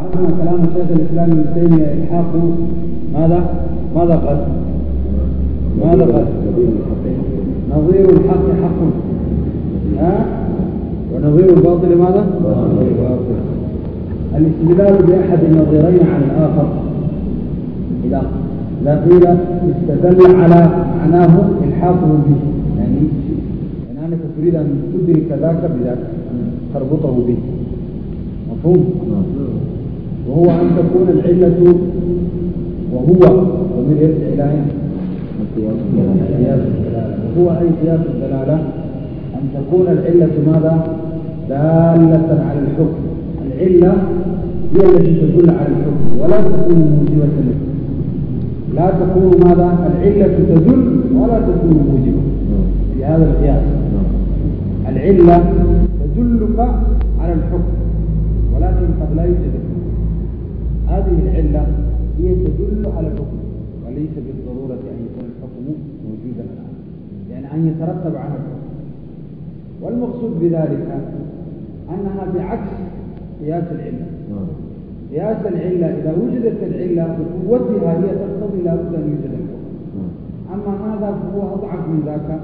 عرفنا كلام شيخ الاسلام ابن تيميه الحاق ماذا؟ ماذا قال؟ ماذا قال؟ نظير الحق حق ها؟ ونظير الباطل ماذا؟ باطل الاستدلال باحد النظيرين عن الاخر اذا لا قيل استدل على معناه الحاقه به يعني يعني انك تريد ان تدرك ذاك بذاك تربطه به مفهوم؟ وهو أن تكون العلة وهو ضمير يرجع إلى أين؟ وهو أي قياس الدلالة أن تكون العلة ماذا؟ دالة على الحكم العلة هي التي تدل على الحكم ولا تكون موجبة له لا تكون ماذا؟ العلة تدل ولا تكون موجبة في هذا القياس العلة تدلك على الحكم ولكن قد لا يوجد هذه العلة هي تدل على الحكم وليس بالضرورة أن يكون الحكم موجودا الآن يعني لأن أن يترتب على الحكم والمقصود بذلك أنها بعكس قياس العلة نعم. قياس العلة إذا وجدت العلة بقوتها هي تقتضي لابد أن يوجد الحكم نعم. أما هذا فهو أضعف من ذاك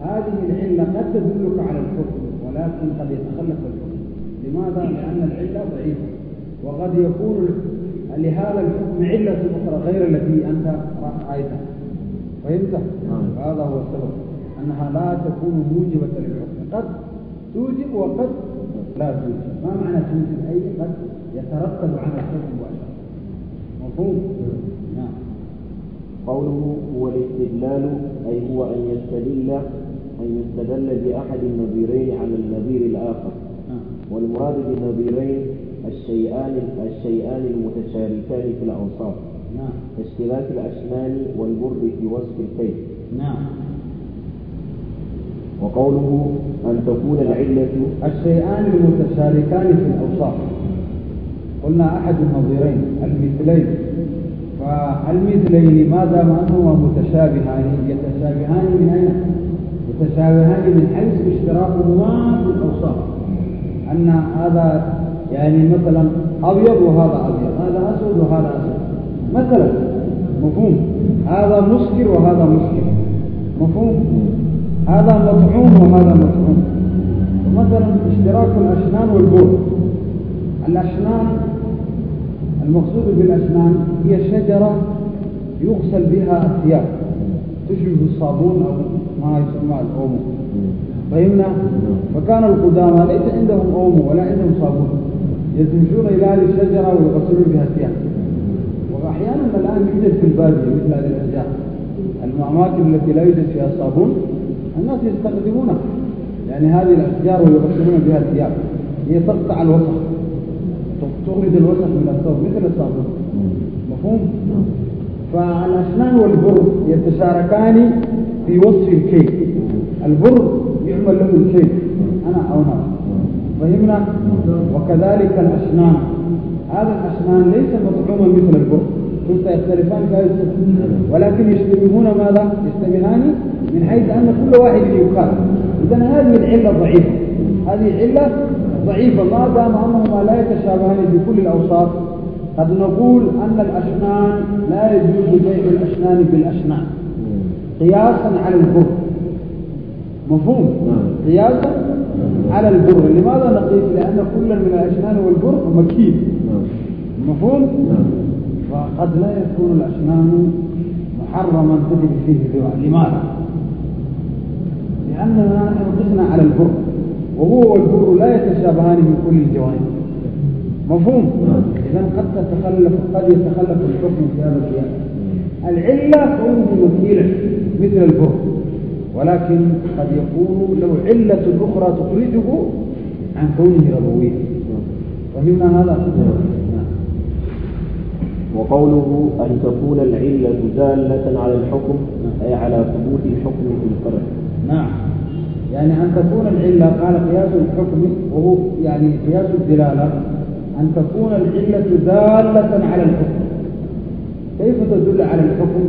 هذه العلة قد تدلك على الحكم ولكن قد يتخلف الحكم لماذا؟ لأن العلة ضعيفة وقد يكون لهذا الحكم علة أخرى غير التي أنت رأيتها فهمت؟ نعم. هذا هو السبب أنها لا تكون موجبة للحكم قد توجب وقد لا توجب ما معنى توجب أي قد يترتب على الحكم مباشرة مفهوم؟ نعم قوله هو الاستدلال أي هو أن يستدل أن يستدل بأحد النظيرين على النظير الآخر نعم. والمراد بالنظيرين الشيئان الشيئان المتشاركان في الأوصاف نعم كاشتراك الأسنان والبر في وصف الكيف نعم وقوله أن تكون العلة الشيئان المتشاركان في الأوصاف قلنا أحد النظيرين المثلين فالمثلين ما دام أنهما متشابهان يتشابهان من أين؟ يتشابهان من حيث اشتراكهما في الأوصاف أن هذا يعني مثلا أبيض وهذا أبيض هذا أسود وهذا أسود مثلا مفهوم هذا مسكر وهذا مسكر مفهوم هذا مطعوم وهذا مطعوم مثلا اشتراك الأسنان والبول الأسنان المقصود بالأسنان هي شجرة يغسل بها الثياب تشبه الصابون أو ما يسمى الأومو فهمنا فكان القدامى ليس عندهم أومو ولا عندهم صابون يدمجون إلى هذه الشجرة ويغسلون بها الثياب وأحيانا الآن يوجد في البادية مثل هذه الأشياء الأماكن التي لا يوجد فيها صابون الناس يستخدمونها يعني هذه الأشجار ويغسلون بها الثياب هي تقطع الوسخ تخرج الوسخ من الثوب مثل الصابون مفهوم؟ فالأسنان والبر يتشاركان في وصف الكيك البر يعمل له الكيك أنا أو نعم فهمنا وكذلك الأشنان هذا الأشنان ليس مطعوما مثل البر كنت يختلفان كذلك ولكن يشتبهون ماذا؟ يشتبهان من حيث أن كل واحد يقال إذا هذه العلة ضعيفة هذه علة ضعيفة ما دام أنهما لا يتشابهان في كل الأوصاف قد نقول أن الأشنان لا يجوز بيع الأشنان بالأشنان قياسا على البر مفهوم قياسا على البر لماذا نقيس لأن كل من الأشنان والبر مكيل مفهوم فقد لا يكون الأشنان محرما تجد فيه ذراع لماذا لأننا انقسنا على البر وهو والبر لا يتشابهان من كل الجوانب مفهوم إذا قد تتخلف قد يتخلف الحكم في هذا القياس العلة كونه مكيلا مثل البر ولكن قد يكون له علة أخرى تخرجه عن كونه ربويا ومما هذا وقوله أن تكون العلة دالة على الحكم أي على ثبوت الحكم في الفرع نعم يعني أن تكون العلة قال قياس الحكم وهو يعني قياس الدلالة أن تكون العلة دالة على الحكم كيف تدل على الحكم؟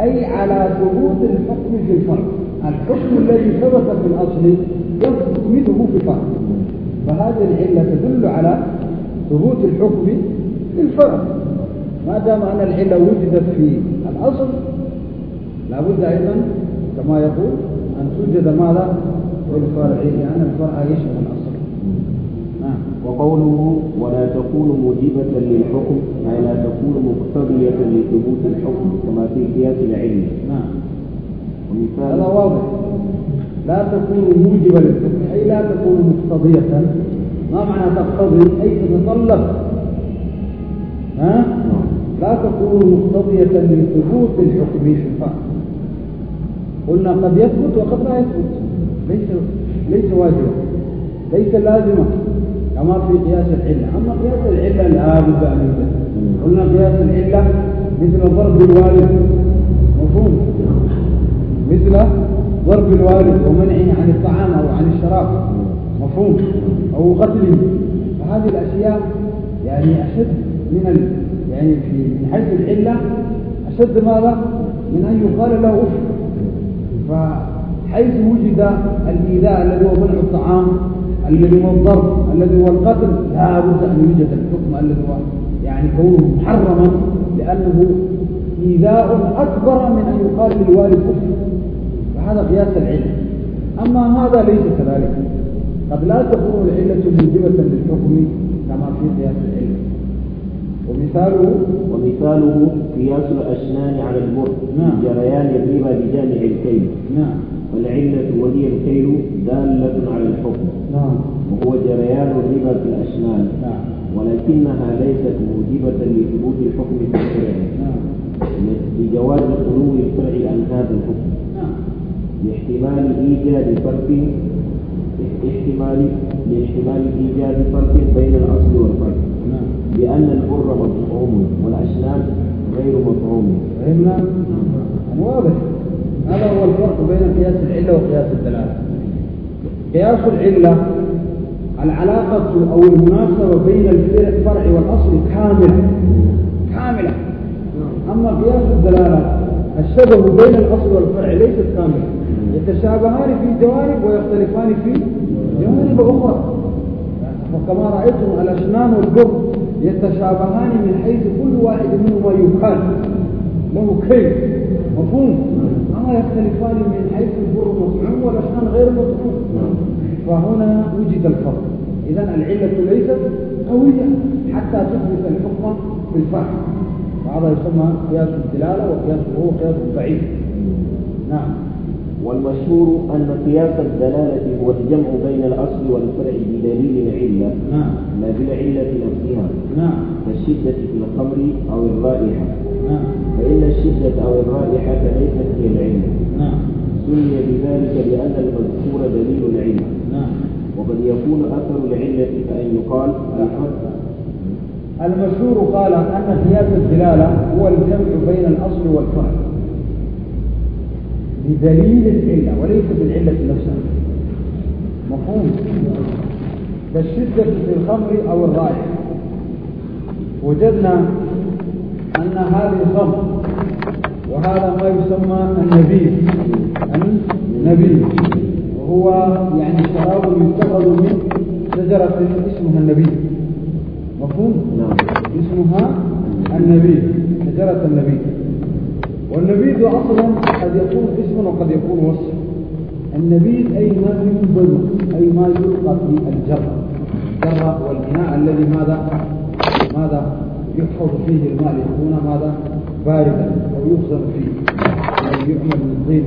أي على ثبوت الحكم في الفرع الحكم الذي ثبت في الأصل يثبت منه الفرع فهذه العلة تدل على ثبوت الحكم في الفرع ما دام أن العلة وجدت في الأصل لابد أيضا كما يقول أن توجد ماذا في الفرع لأن الفرع يشبه الأصل نعم. وقوله ولا تكون موجبة للحكم أي لا تكون مقتضية لثبوت الحكم كما في قياس العلم نعم هذا واضح لا تكون موجبة للحكم أي لا تكون مقتضية ما معنى تقتضي أي تتطلب ها؟ لا تكون مقتضية لثبوت الحكم قلنا قد يثبت وقد لا يثبت ليس ليس واجبا ليس لازما كما في قياس العلة أما قياس العلة لا بد أن قلنا قياس العلة مثل ضرب الوالد مثل ضرب الوالد ومنعه عن الطعام أو عن الشراب مفهوم أو قتله فهذه الأشياء يعني أشد من ال... يعني في من حيث العلة أشد ماذا من أن يقال له أف فحيث وجد الإيذاء الذي هو منع الطعام الذي هو الضرب الذي هو القتل لا بد أن يوجد الحكم الذي هو يعني كونه محرما لأنه إيذاء أكبر من أن يقال للوالد أف هذا قياس العلة أما هذا ليس كذلك قد لا تكون العلة موجبة للحكم كما في قياس العلة ومثاله ومثاله قياس الأسنان على البر نعم جريان الربا بجامع الكيل نعم والعلة وهي الكيل دالة على الحكم نعم وهو جريان الربا في الأسنان نعم ولكنها ليست موجبة لثبوت الحكم في الشرع نعم لجواز خلو الفرع عن هذا الحكم نعم لاحتمال إيجاد فرق احتمال لاحتمال إيجاد فرق بين الأصل والفرق نعم. لأن البر مطعوم والأشلام غير مطعوم فهمنا؟ طيب، نعم. واضح هذا هو الفرق بين قياس العلة وقياس الدلالة قياس العلة العلاقة أو المناسبة بين الفرع والأصل كاملة كاملة أما قياس الدلالة السبب بين الأصل والفرع ليست كاملة يتشابهان في جوانب ويختلفان في جوانب أخرى وكما رأيتم الأسنان والبر يتشابهان من حيث كل واحد منهما يقال له كيف مفهوم أما يختلفان من حيث البر مطعوم والأسنان غير مطعوم فهنا وجد الفرق إذا العلة ليست قوية حتى تثبت الحكم بالفحم وهذا يسمى قياس الدلالة وقياس هو قياس البعيد نعم والمشهور أن قياس الدلالة هو الجمع بين الأصل والفرع بدليل العلة نعم لا بالعلة نفسها نعم كالشدة في الخمر أو الرائحة نعم فإن الشدة أو الرائحة ليست هي العلة نعم سمي بذلك لأن المذكور دليل العلة نعم وقد يكون أثر العلة فان يقال الحق المشهور قال أن قياس الدلالة هو الجمع بين الأصل والفرع بدليل العلة وليس بالعلة نفسها مفهوم كالشدة في الخمر أو الرائحة وجدنا أن هذا الخمر وهذا ما يسمى النبيذ النبيذ وهو يعني شراب يتخذ من شجرة اسمها النبيذ مفهوم؟ نعم اسمها النبيذ شجرة النبيذ والنبيذ أصلا قد يكون اسم وقد يكون وصف النبيذ أي ما ينبذ أي ما يلقى في الجر الجر والإناء الذي ماذا ماذا يحفظ فيه الماء ليكون ماذا باردا أو يخزن فيه يعني يعمل من طين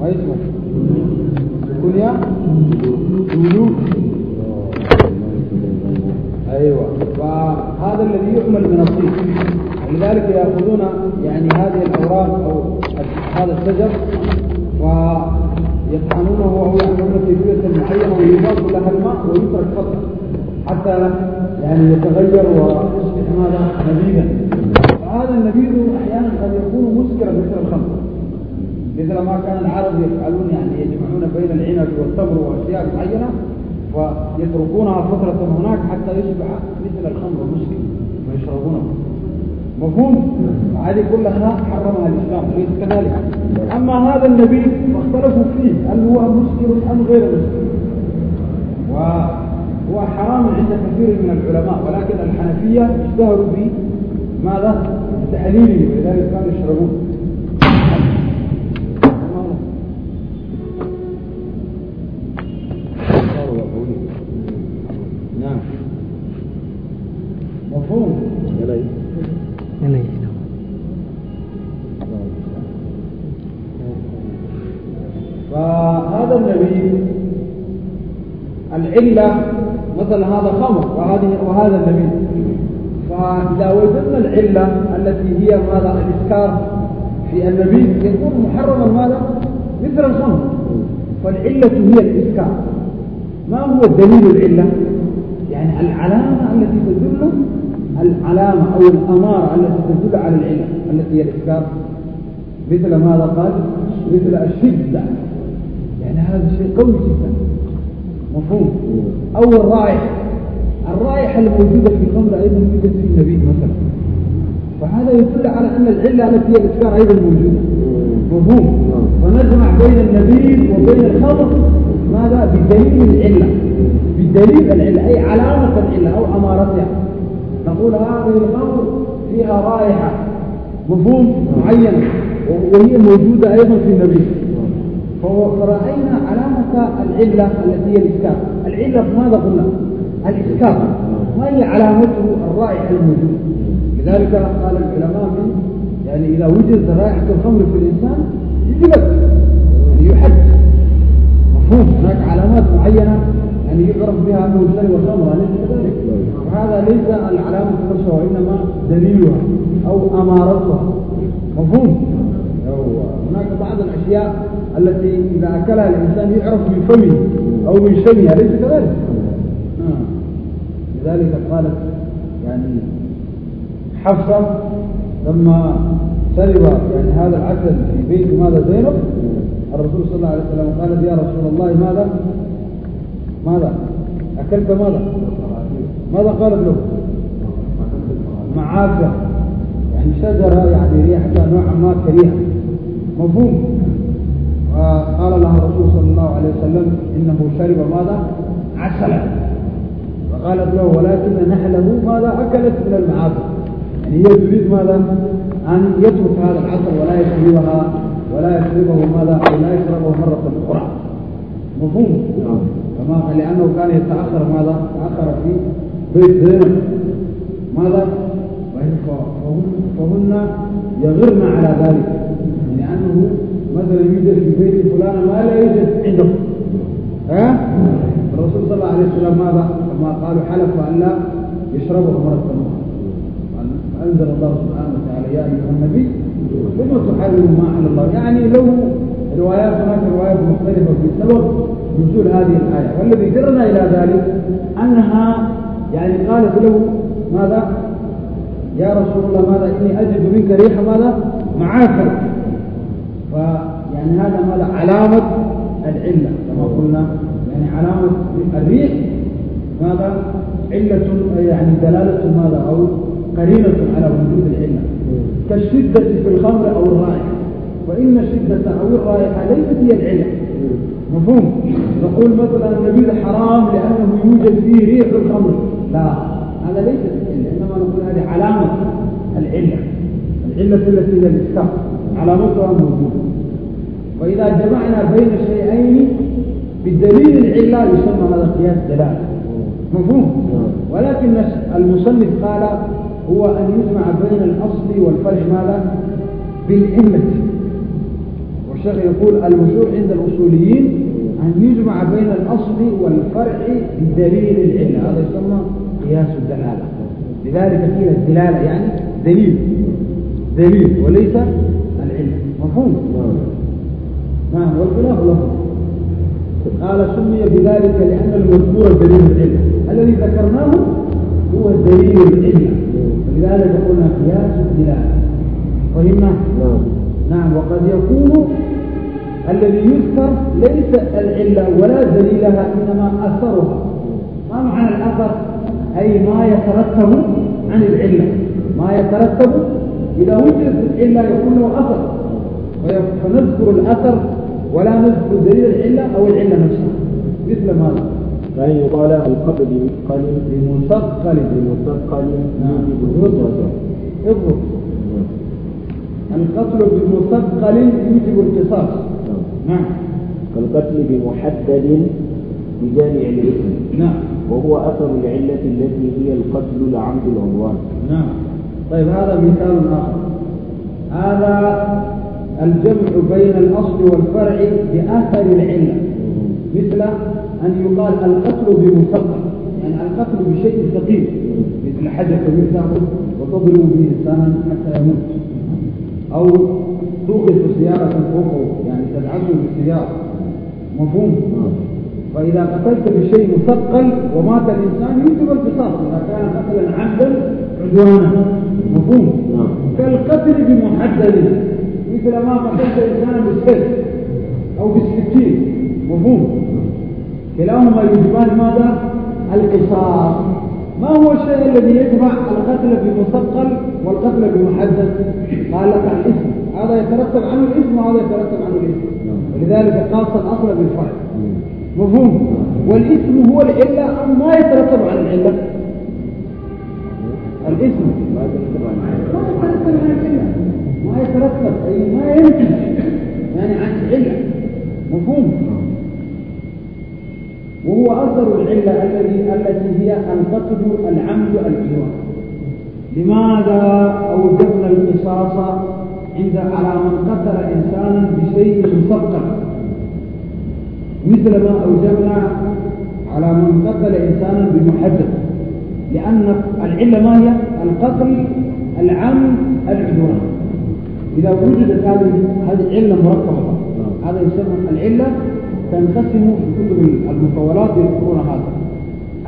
ما يسمع الدنيا دلو أيوة فهذا الذي يعمل من الطين لذلك يأخذون يعني هذه الأوراق أو هذا الشجر ويطحنونه وهو يعملون في بيئة معينة ويضاف لها الماء ويترك فترة حتى يعني يتغير ويصبح ماذا نبيذا فهذا النبيذ أحيانا قد يكون مسكرا مثل الخمر مثل ما كان العرب يفعلون يعني يجمعون بين العنب والتمر واشياء معينه ويتركونها فتره هناك حتى يصبح مثل الخمر مسكر ويشربونه مفهوم هذه كلها حرمها الإسلام ليس كذلك أما هذا النبي فاختلفوا فيه هل هو مسلم أم غير مسلم وهو حرام عند كثير من العلماء ولكن الحنفية اشتهروا به ماذا؟ بتحليله ولذلك كانوا يشربون إلا مثلا هذا خمر وهذه وهذا النبيذ فإذا وجدنا العلة التي هي ماذا الإسكار في النبيذ يكون محرما ماذا مثل الخمر فالعلة هي الإسكار ما هو الدليل العلة يعني العلامة التي تدل العلامة أو الأمارة التي تدل على العلة التي هي الإسكار مثل ماذا قال مثل الشدة يعني هذا شيء قوي جدا مفهوم أو الرائحة الرائحة الموجودة في الخمر أيضا توجد في النبيذ مثلا فهذا يدل على أن العلة التي هي الإسكار أيضا موجودة مفهوم ونجمع بين النبيذ وبين الخمر ماذا بدليل العلة بدليل العلة أي علامة العلة أو أمارتها نقول هذه الخمر فيها رائحة مفهوم معينة وهي موجودة أيضا في النبيذ فرأينا علامة العلة التي هي الإسكار العلة ماذا قلنا؟ ما هي علامته الرائحة الموجودة لذلك قال العلماء من يعني إذا وجد رائحة الخمر في الإنسان يجلد يعني يحد مفهوم هناك علامات معينة يعني يعرف بها أنه شيء وخمر أليس كذلك؟ هذا ليس العلامة نفسها وإنما دليلها أو أمارتها مفهوم هناك بعض الأشياء التي إذا أكلها الإنسان يعرف من فمه أو من شمه أليس كذلك؟ نعم. لذلك قالت يعني حفصة لما شرب يعني هذا العسل في بيت ماذا زينب الرسول صلى الله عليه وسلم قالت يا رسول الله ماذا ماذا أكلت ماذا ماذا قالت له معافية يعني شجرة يعني ريحها نوعا ما كريهة مفهوم وقال لها الرسول صلى الله عليه وسلم إنه شرب ماذا عسلا فقالت له ولكن نحله ماذا أكلت من المعاصي يعني هي تريد ماذا أن يترك هذا العسل ولا يشربها ولا يشربه ماذا ولا يشربه مرة أخرى مفهوم نعم. كما لأنه كان يتأخر ماذا تأخر في بيت زينب ماذا فهن يغرن على ذلك لأنه مثلا يوجد في بيت فلان ما لا يوجد عنده ها؟ الرسول صلى الله عليه وسلم ماذا؟ لما قالوا حلفوا أن لا يشربوا خمر التمر أنزل الله سبحانه وتعالى يا أيها النبي ثم تحرم ما على الله يعني له روايات هناك روايات مختلفة في سبب نزول هذه الآية والذي جرنا إلى ذلك أنها يعني قالت له ماذا يا رسول الله ماذا إني أجد منك ريح ماذا معافر يعني هذا ما علامة العلة كما قلنا يعني علامة الريح ماذا؟ علة يعني دلالة ماذا أو قرينة على وجود العلة كالشدة في الخمر أو الرائحة فإن الشدة أو الرائحة ليست هي العلة مفهوم؟ نقول مثلا النبيذ حرام لأنه يوجد فيه ريح في الخمر لا هذا ليس العلة إنما نقول هذه علامة العلة العلة التي هي الإسكار على مستوى موجود وإذا جمعنا بين الشيئين بالدليل العلة يسمى هذا قياس دلالة مفهوم ولكن المصنف قال هو أن يجمع بين الأصل والفرع ماذا؟ بالأمة والشيخ يقول المشهور عند الأصوليين أن يجمع بين الأصل والفرع بدليل العلة هذا يسمى قياس الدلالة لذلك قيل الدلالة يعني دليل دليل وليس مفهوم نعم والخلاف لفظ قال سمي بذلك لأن المذكور دليل العلة الذي ذكرناه هو الدليل العلة ولذلك قلنا قياس الدلالة فهمنا؟ نعم نعم وقد يكون الذي يذكر ليس العلة ولا دليلها إنما أثرها ما معنى الأثر؟ أي ما يترتب عن العلة ما يترتب إذا وجدت العلة يكون له أثر فنذكر الأثر ولا نذكر دليل العلة أو العلة نفسها مثل ماذا؟ فإن يعني يقال القبل بمثقل بمثقل بمثقل يوجب نعم. الكسرة اضرب القتل يعني بمثقل يوجب القصاص نعم. نعم كالقتل بمحدد بجامع الاسم نعم وهو أثر العلة التي هي القتل لعمد العدوان نعم طيب هذا مثال آخر هذا الجمع بين الأصل والفرع بأثر العلة مثل أن يقال القتل بمسبب يعني القتل بشيء ثقيل مثل حجر مثله وتضرب به إنسانا حتى يموت أو توقف سيارة فوقه يعني تدعسه بالسيارة مفهوم فإذا قتلت بشيء مثقل ومات الإنسان يوجب القصاص إذا كان قتلا عمدا عدوانا مفهوم نعم. كالقتل بمحدد السلسلة ما قتلت إنسانا بالسيف أو بالسكين مفهوم كلاهما يجبان ماذا؟ القصاص ما هو الشيء الذي يجمع القتل بمثقل والقتل بمحدد؟ قال لك الاسم هذا يترتب عنه الاسم وهذا يترتب عنه الاسم ولذلك قاص الأصل بالفعل مفهوم والاسم هو العلة أم ما يترتب عن العلة؟ الاسم ما يترتب عن العلة ما يترتب أي ما ينتج يعني عن علة مفهوم وهو أثر العلة الذي التي هي القتل العمد الجوار لماذا أوجبنا القصاص عند على من قتل إنسانا بشيء مثقل مثل ما أوجبنا على من قتل إنسانا بمحدد لأن العلة ما هي؟ القتل العمد العدوان إذا وجدت هذه هذه علة مركبة نعم. هذا يسمى العلة تنقسم في كتب المطولات يذكرون هذا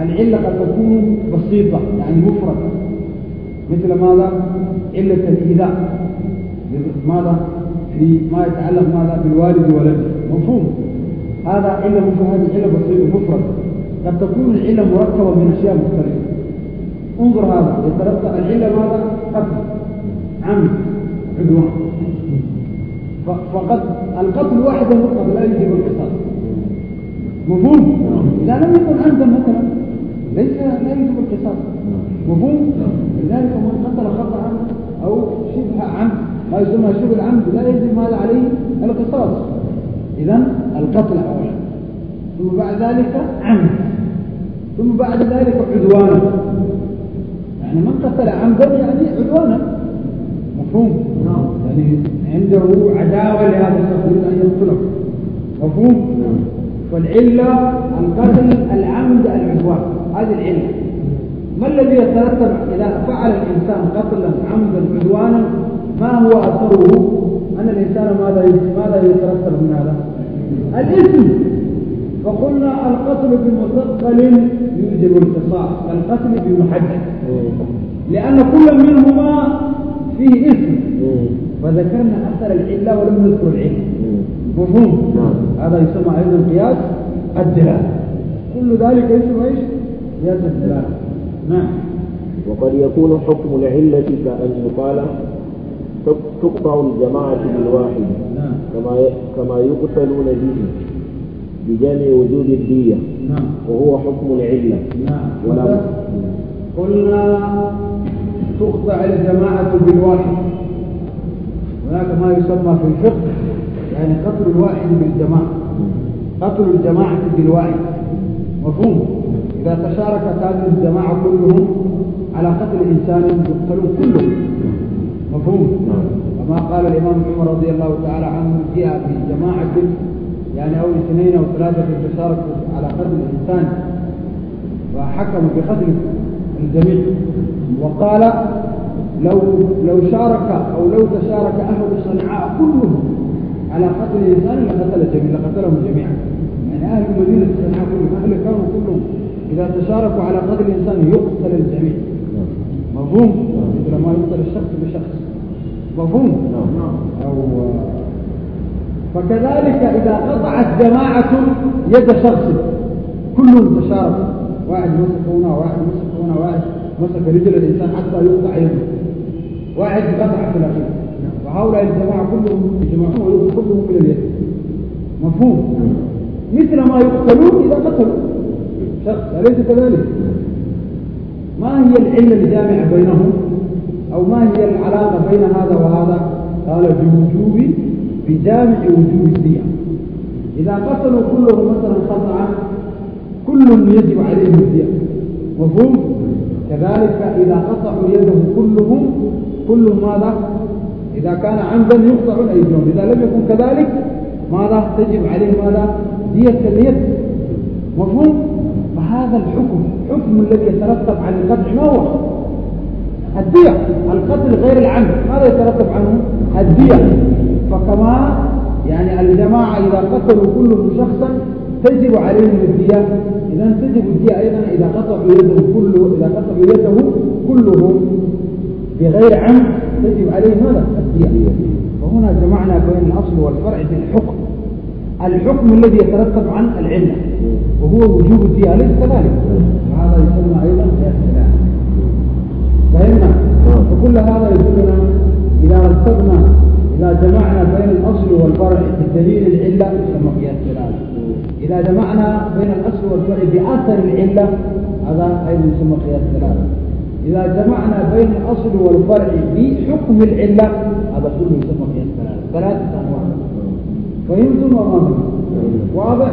العلة قد تكون بسيطة يعني مفردة مثل ماذا؟ علة الإيذاء ماذا؟ في ما يتعلق ماذا بالوالد وولده مفهوم هذا علة هذه علة بسيطة مفردة قد تكون العلة مركبة من أشياء مختلفة انظر هذا يترتب العلة ماذا؟ قتل عمد عدوان فقد القتل واحدا مطلقا لا يجب القصاص مفهوم؟ إذا لم يكن عمدا مثلا ليس لا يجب القصاص مفهوم؟ لذلك من قتل خطأ أو شبه عمد ما يسمى شبه العمد لا يجب ما عليه القصاص إذا القتل أولا ثم بعد ذلك عمد ثم بعد ذلك عدوان يعني من قتل عمدا يعني عدوانا مفهوم نعم. يعني عنده عداوة لهذا الشخص يريد أن يقتله مفهوم فالعلة نعم. القتل العمد العدوان هذه العلة ما الذي يترتب إذا فعل الإنسان قتلا عمدا عدوانا ما هو أثره أن الإنسان ماذا ماذا يترتب من هذا؟ الإثم فقلنا القتل بمثقل يوجب القصاص القتل بمحدد لأن كل منهما فيه اسم فذكرنا أثر العلة ولم نذكر العلة مفهوم نعم. هذا يسمى أيضا قياس الدلالة كل ذلك اسمه ايش؟ قياس الدلالة نعم وقد يكون حكم العلة كأن يقال تقطع الجماعة بالواحد نعم. كما كما يقتلون به بجمع وجود الدية نعم. وهو حكم العلة نعم. قلنا تقطع الجماعة بالواحد هناك ما يسمى في الفقه يعني قتل الواحد بالجماعة قتل الجماعة بالواحد مفهوم إذا تشارك هذه الجماعة كلهم على قتل إنسان يقتل كلهم مفهوم كما قال الإمام عمر رضي الله تعالى عنه جاء في جماعة يعني أو اثنين أو ثلاثة تشاركوا على قتل الإنسان وحكموا بقتل الجميع وقال لو لو شارك أو لو تشارك أهل صنعاء كلهم على قتل إنسان لقتل جميع لقتلهم جميعا يعني أهل مدينة صنعاء كلهم أهل كانوا كلهم إذا تشاركوا على قتل إنسان يقتل الجميع مفهوم مثل ما يقتل الشخص بشخص مفهوم أو فكذلك إذا قطعت جماعة يد شخص كلهم تشاركوا واحد مسك هنا واحد مسك هنا واحد مسك رجل الإنسان حتى يقطع يده واحد قطع في الأخير وهؤلاء الجماعة كلهم يجمعون ويقتل كلهم اليد مفهوم مثل ما يقتلون إذا قتلوا شخص أليس كذلك؟ ما هي العلة الجامعة بينهم؟ أو ما هي العلاقة بين هذا وهذا؟ قال بوجوب بجامع وجوب الدية إذا قتلوا كلهم مثلا قطعا كل يجب عليه الدية مفهوم؟ كذلك إذا قطعوا يده كلهم كلهم ماذا إذا كان عمدا يقطع الأيديهم إذا لم يكن كذلك ماذا تجب عليه ماذا دية اليد مفهوم فهذا الحكم الحكم الذي يترتب عن القتل ما هو الدية القتل غير العمد ماذا يترتب عنه الدية فكما يعني الجماعة إذا قتلوا كلهم شخصا تجب عليهم الدية إذا تجب الدية أيضا إذا قطعوا يده كله إذا قطعوا يده كلهم بغير عمد تجب عليهم ماذا؟ الدية وهنا جمعنا بين الأصل والفرع في الحكم الحكم الذي يترتب عن العلة وهو وجوب الدية أليس كذلك؟ وهذا يسمى أيضا الاعتلاف فهمنا؟ فكل هذا يدلنا جمعنا بين الأصل والفرع بدليل العلة يسمى قياس الآن إذا جمعنا بين الأصل والفرع بأثر العلة هذا أيضا يسمى قياس ثلاثة إذا جمعنا بين الأصل والفرع بحكم العلة هذا كله يسمى قياس ثلاثة ثلاثة أنواع فهمتم وما واضح؟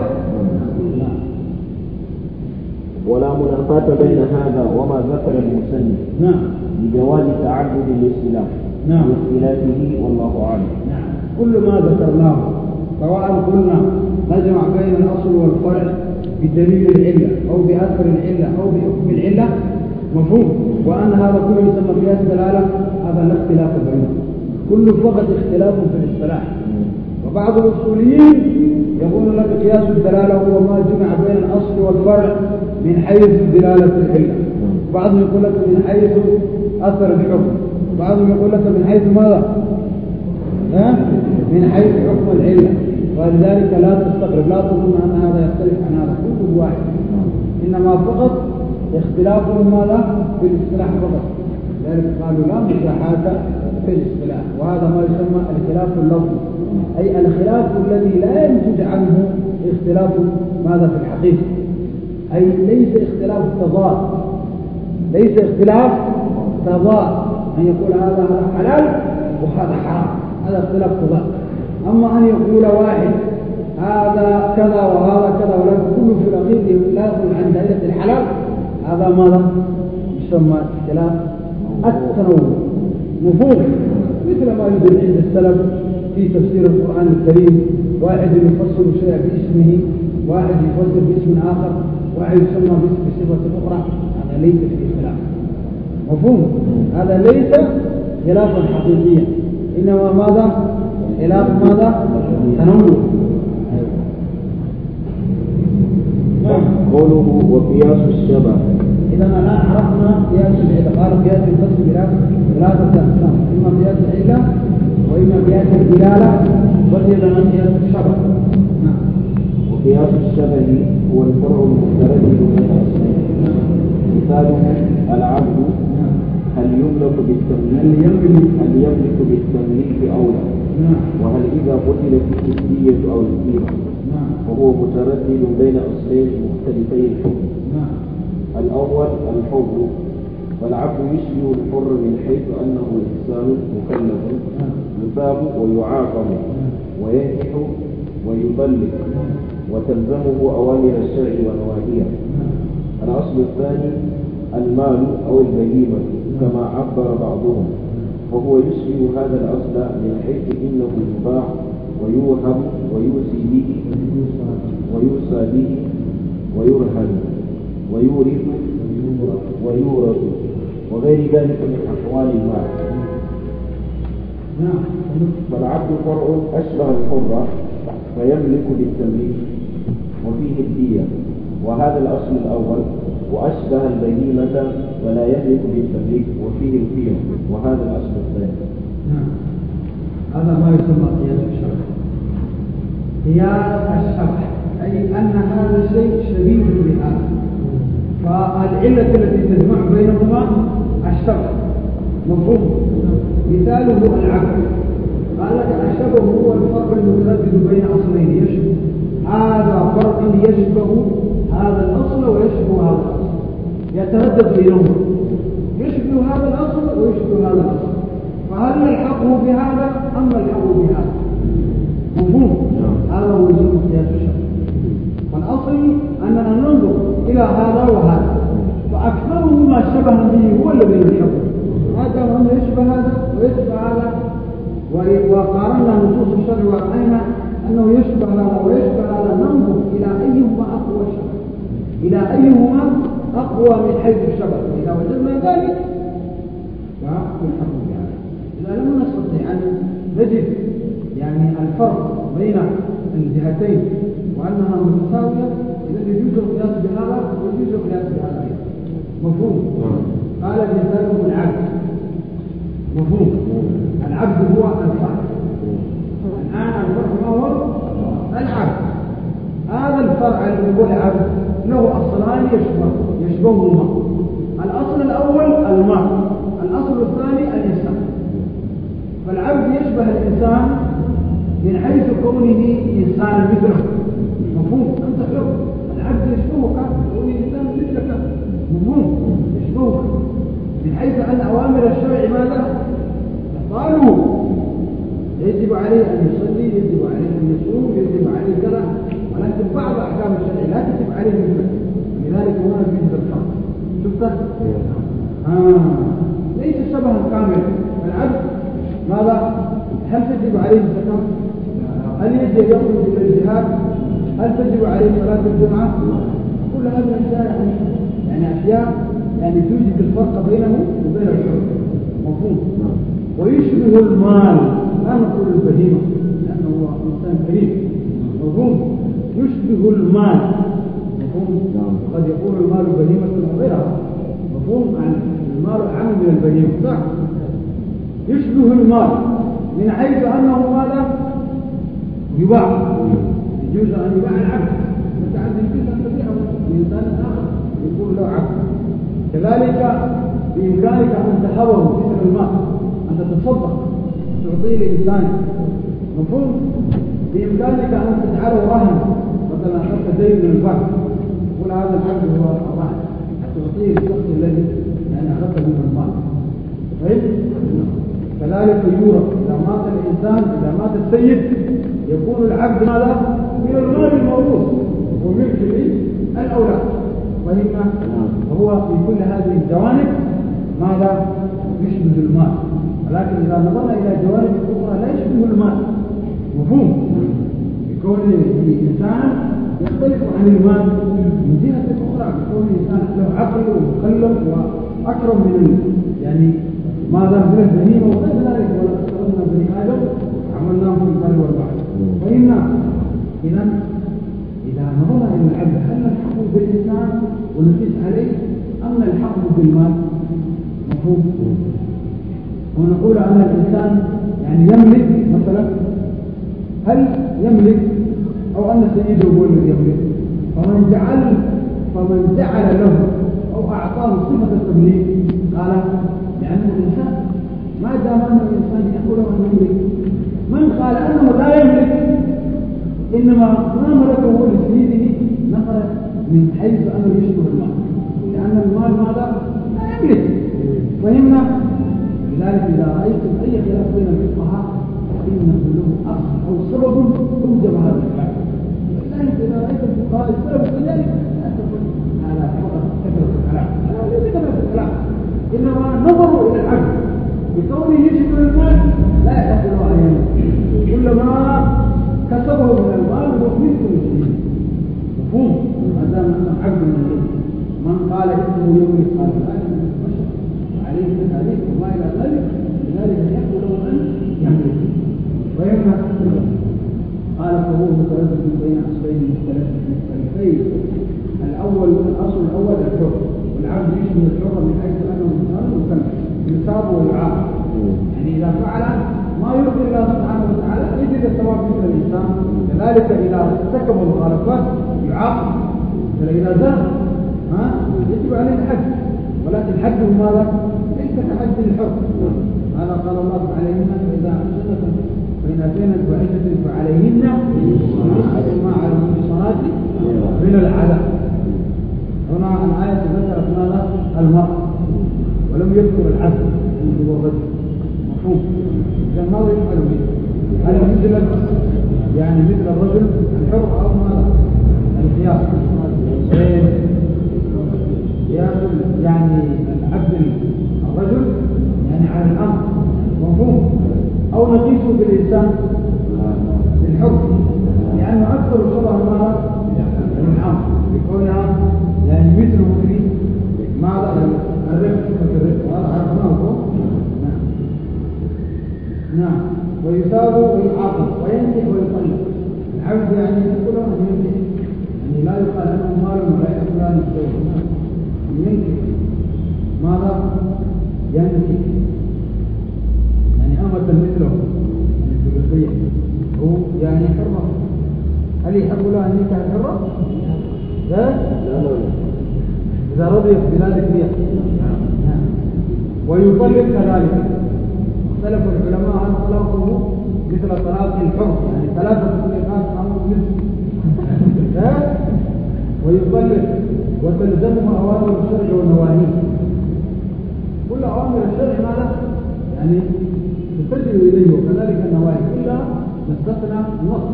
ولا منافاة بين هذا وما ذكر المسلم نعم بجواز تعدد الاصطلاح نعم واختلافه والله اعلم نعم كل ما ذكرناه سواء كنا نجمع بين الأصل والفرع بدليل العلة أو بأثر العلة أو بحكم العلة مفهوم وأن هذا كله يسمى قياس الدلاله هذا لا اختلاف بينه كل فقط اختلاف في الاصطلاح وبعض الاصوليين يقول لك قياس الدلاله هو ما جمع بين الاصل والفرع من حيث دلاله العله بعضهم يقول لك من حيث اثر الحكم بعضهم يقول لك من حيث ماذا ها من حيث حكم العلة ولذلك لا تستغرب لا تظن أن هذا يختلف عن هذا كتب واحد إنما فقط اختلافهم ماذا في الاصطلاح فقط لذلك قالوا لا مساحات في الاصطلاح وهذا ما يسمى الخلاف اللفظي أي الخلاف الذي لا ينتج عنه اختلاف ماذا في الحقيقة أي ليس اختلاف تضاد ليس اختلاف تضاد أن يقول هذا حلال وهذا حرام هذا اختلاف فضاء أما أن يقول واحد هذا كذا وهذا كذا ولكن كل في الأخير لا عن دائرة الحلال هذا ماذا يسمى اختلاف التنوع نفوذ مثل ما يوجد عند السلف في تفسير القرآن الكريم واحد يفسر شيئا باسمه واحد يفسر باسم آخر واحد يسمى بصفة أخرى هذا ليس في اختلاف مفهوم هذا ليس خلافا حقيقيا إنما ماذا خلاف ماذا تنوع نعم. قوله وقياس الشبه إذا الآن عرفنا قياس العلة قال قياس الفصل ثلاثة أقسام إما قياس العلة وإما قياس الدلالة بقي لنا قياس الشبه نعم. وقياس الشبه هو الفرع المفترض بالقياس مثاله العبد هل يملك بالتمليك هل يملك هل يملك بالتمليك او لا نعم. وهل اذا قتلت الحسيه او نعم وهو متردد بين اصلين مختلفي الحكم نعم. الاول الحر والعبد يشبه الحر من حيث انه انسان مكلف نعم. يثاب ويعاقب وينكح ويبلغ وتلزمه اوامر الشرع ونواهيه الاصل الثاني المال او البهيمه كما عبر بعضهم وهو يشبه هذا الأصل من حيث إنه يباع ويوهم ويوصي به ويوصى به ويرهن ويورث ويورث وغير ذلك من أحوال المال نعم. فالعبد فرع أشبه الحرة فيملك بالتمليك وفيه الدية وهذا الأصل الأول وأشبه البهيمة ولا يهلك بالتفريق وفيه القيم وهذا الأصل الثاني. نعم. هذا ما يسمى قياس الشرع. قياس الشرع أي أن هذا الشيء شبيه بهذا. فالعلة التي تجمع بينهما الشرع. مفهوم؟ مثاله العقل. قال لك الشبه هو الفرق المتردد بين أصلين يشبه هذا فرق يشبه هذا الأصل ويشبه هذا يتردد بينهما يشبه هذا الأصل ويشبه هذا الأصل فهل يلحقه بهذا أم يلحقه بهذا مفهوم نعم. هذا هو وجود قياس الشرع والأصل أننا ننظر إلى هذا وهذا إذا يجوز القياس بهذا ويجوز القياس بهذا مفهوم نعم. قال مثالهم العبد مفهوم العبد هو الفرد الآن الفرع ما هو؟ العبد هذا الفرع اللي يقول عبد له أصلان يشبه يشبههما الأصل الأول الماء الأصل الثاني الإنسان فالعبد يشبه الإنسان من حيث كونه إنسان مثله مذموم انت حر العبد يشبهك يقول الانسان مثلك مذموم يشبهك من حيث ان اوامر الشرع ماذا؟ قالوا يجب عليه ان يصلي يجب عليه ان يصوم يجب عليه كذا ولكن بعض احكام الشرع لا تجب عليه مثلك لذلك هنا فيه الحق شفت؟ آه. ليس شبها كاملا العبد ماذا؟ هل تجب عليه الزكاه؟ هل يجب يخرج الى هل تجب عليه صلاة الجمعة؟ كل هذا يعني يعني أشياء يعني توجد الفرق بينه وبين الحر مفهوم ويشبه المال لا نقول البهيمة لأنه هو إنسان كريم مفهوم يشبه المال مفهوم قد يقول المال بهيمة وغيرها مفهوم يعني المال أعم من البهيمة صح يشبه المال من حيث أنه ماذا؟ يباع يجوز أن يباع العبد متعدي يجوز أن تبيعه لإنسان آخر يكون له عبد كذلك بإمكانك أن تهوه مثل الماء أن تتصدق تعطيه لإنسان مفهوم بإمكانك أن تجعله رهن مثلا أخذت دين من البنك يقول هذا العبد هو الرهن تعطيه للشخص الذي يعني أخذته من الماء طيب كذلك يورث إذا مات الإنسان إذا مات السيد يكون العبد ماذا؟ من المال الموروث وملك الأولاد فهمنا نعم. هو في كل هذه الجوانب ماذا يشبه المال ولكن إذا نظرنا إلى جوانب أخرى لا يشبه المال مفهوم بكون الإنسان يختلف عن المال من جهة أخرى بكون الإنسان له عقل ومخلف وأكرم من يعني ماذا من البهيمة وغير ذلك ولقد خلقنا بني آدم وعملناهم في البر والبحر نعم. فإن إذا إذا نظر إلى العبد هل نلحقه بالإنسان ونقيس عليه أم نلحقه بالمال؟ مفهوم ونقول أن الإنسان يعني يملك مثلا هل يملك أو أن سيده هو الذي يملك فمن جعل فمن جعل له أو أعطاه صفة التمليك قال لأنه الإنسان ما دام أن الإنسان يقول أنه يملك من قال أنه لا يملك إنما عامله لسيده نقل من حيث أنه يشبه المال لأن المال ماذا؟ لا يملك فهمنا؟ لذلك إذا رأيتم أي خلاف بين الفقهاء فإنه له أصل أو سبب اوجب هذا الخلاف لذلك إذا رأيتم الفقهاء السبب في ذلك لا تقل على الكلام الكلام إنما نظروا إلى العبد بكونه يشبه المال لا يحصل عليه كلما كسبه من المال هو مثل شيء مفهوم ما دام انه حق من العلم من قال اسمه يوم قال الان عليه تكاليف وما الى ذلك لذلك يحكم له ان يملك ويمنع قال فهو متردد بين عصبين مختلفين الاول الاصل الاول الحر والعبد يشبه الحر من حيث انه مثال ومكلف يصاب والعار يعني اذا فعل عند مثل الإنسان كذلك إذا ارتكب المخالفات يعاقب فإذا زاد ها يجب عليه الحج ولكن حده ماذا؟ ليس كحج الحر هذا قال الله عليهن فإذا أحسنتم فإن أتينا بفاحشة فعليهن ما على المحصنات من العذاب هنا الآية ذكرت ماذا؟ المرأة ولم يذكر العبد هو الرجل مفهوم إذا ماذا يفعل به؟ هل مثل يعني مثل الرجل الحر او ماذا؟ الخيار ياكل يعني العبد الرجل يعني على الامر مفهوم او نقيسه بالانسان بالحكم لانه اكثر شبه من الامر بكونها يعني مثله في ماذا الرفق الرفق هذا عرفناه نعم نعم ويثاب ويعاقب وينكح ويطلق العبد يعني انه وينكح يعني لا يقال انه مال ولا يقال له زوج ينكح ماذا؟ ينكح يعني أمة مثله يعني في هو يعني حرة هل يحب له أن ينكح حرة؟ لا لا لا إذا رضيت بذلك نعم. نعم ويطلق كذلك اختلف العلماء هل طلاقه مثل طلاق الحر يعني ثلاثة طلقات معروف مثل ويطلق وتلزمه أوامر الشرع ونواهيه كل أوامر الشرع ماذا؟ يعني تتجه إليه وكذلك النواهي إلا نستثنى النص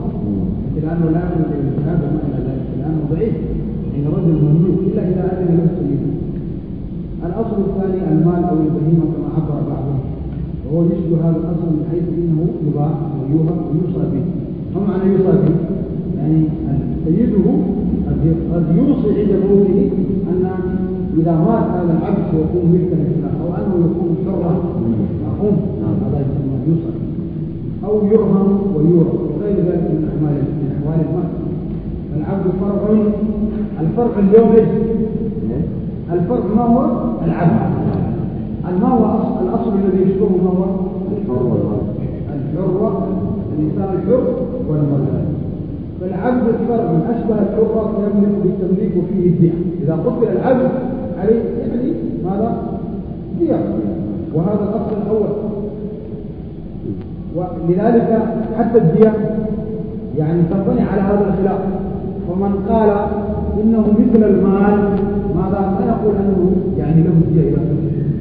الآن لا يعمل الشهادة وما إلى ذلك لأنه ضعيف يعني رجل مملوك إلا إذا أذن له الاصل الثاني المال او البهيمه كما عبر بعضهم فهو يشبه هذا الأصل من حيث أنه يباع ويوهى ويوصى به فما معنى يوصى به؟ يعني سيده قد يوصي عند موته أن إذا مات هذا العبد سيكون ملكا لله أو أنه يكون حرا مفهوم نعم. هذا يسمى يوصى أو يرهم ويورى وغير ذلك من أعمال من أحوال المرء العبد فرق الفرق اليوم إيه؟ الفرق ما هو؟ العبد ما هو الأصل الذي يشبهه ما هو؟ الحر والمرأة الحرة الإنسان الحر والمرأة فالعبد الفرد من أشبه الحرة يملك بالتمليك وفيه الدية إذا قتل العبد عليه يعني ماذا؟ دية وهذا الأصل الأول ولذلك حتى الدية يعني تنطني على هذا الخلاف فمن قال إنه مثل المال ماذا؟ لا أنه يعني له الدية إذا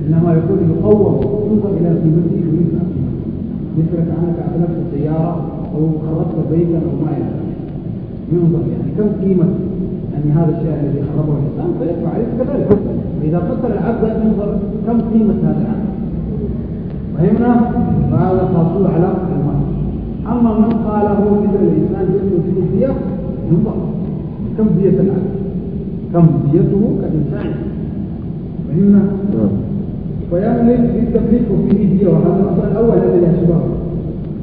إنما يكون يقوم يوصل إلى قيمته وينفع فيها مثل كأنك أتلفت سيارة أو خربت بيتا أو ما إلى ذلك ينظر يعني كم قيمة يعني هذا الشيء الذي خربه الإنسان فيدفع عليه كذلك فإذا قتل العبد ينظر كم قيمة هذا العبد فهمنا فهذا خاصه على المال أما من قال هو مثل الإنسان جسمه في ينظر كم دية العبد كم ديته كإنسان فهمنا نعم. ويعمل التفريق فيه ديره هذا الأصل الأول الذي يشبهه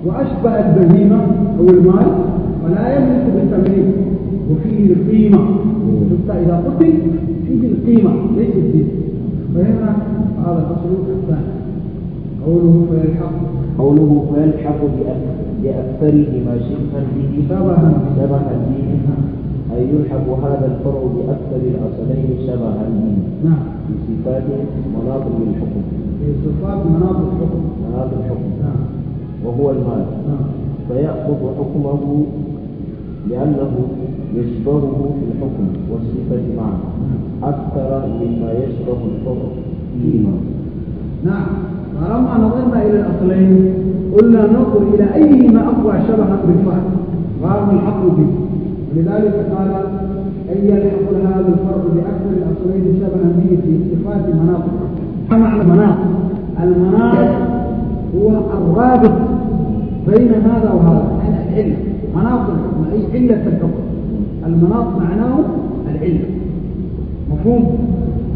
وأشبه البهيمة أو المال ولا يملك بالتمليك وفيه القيمة حتى إذا قتل فيه القيمة ليس الدين فهنا هذا الأصل الثاني قوله فيلحق قوله فيلحق بأكثره ما شبه به شبها به أي يلحق هذا الفرع بأكثر الأصلين شبها نعم في صفات مناطق الحكم في صفات مناطق الحكم مناطق الحكم نعم وهو المال نعم فيأخذ حكمه لأنه يشبهه في الحكم والصفة معا نعم. أكثر مما يشبه الفرع فيما نعم. نعم فلما نظرنا إلى الأصلين قلنا ننظر إلى أيهما أقوى شبها بالفعل وهذا الحق به لذلك قال أن يلحق هذا الفرق بأكثر الأصلين شبها به في صفات المناطق ما معنى المناطق؟ المناطق هو الرابط بين هذا وهذا العلة مناطق الحكم أي علة الحكم المناط معناه العلة مفهوم؟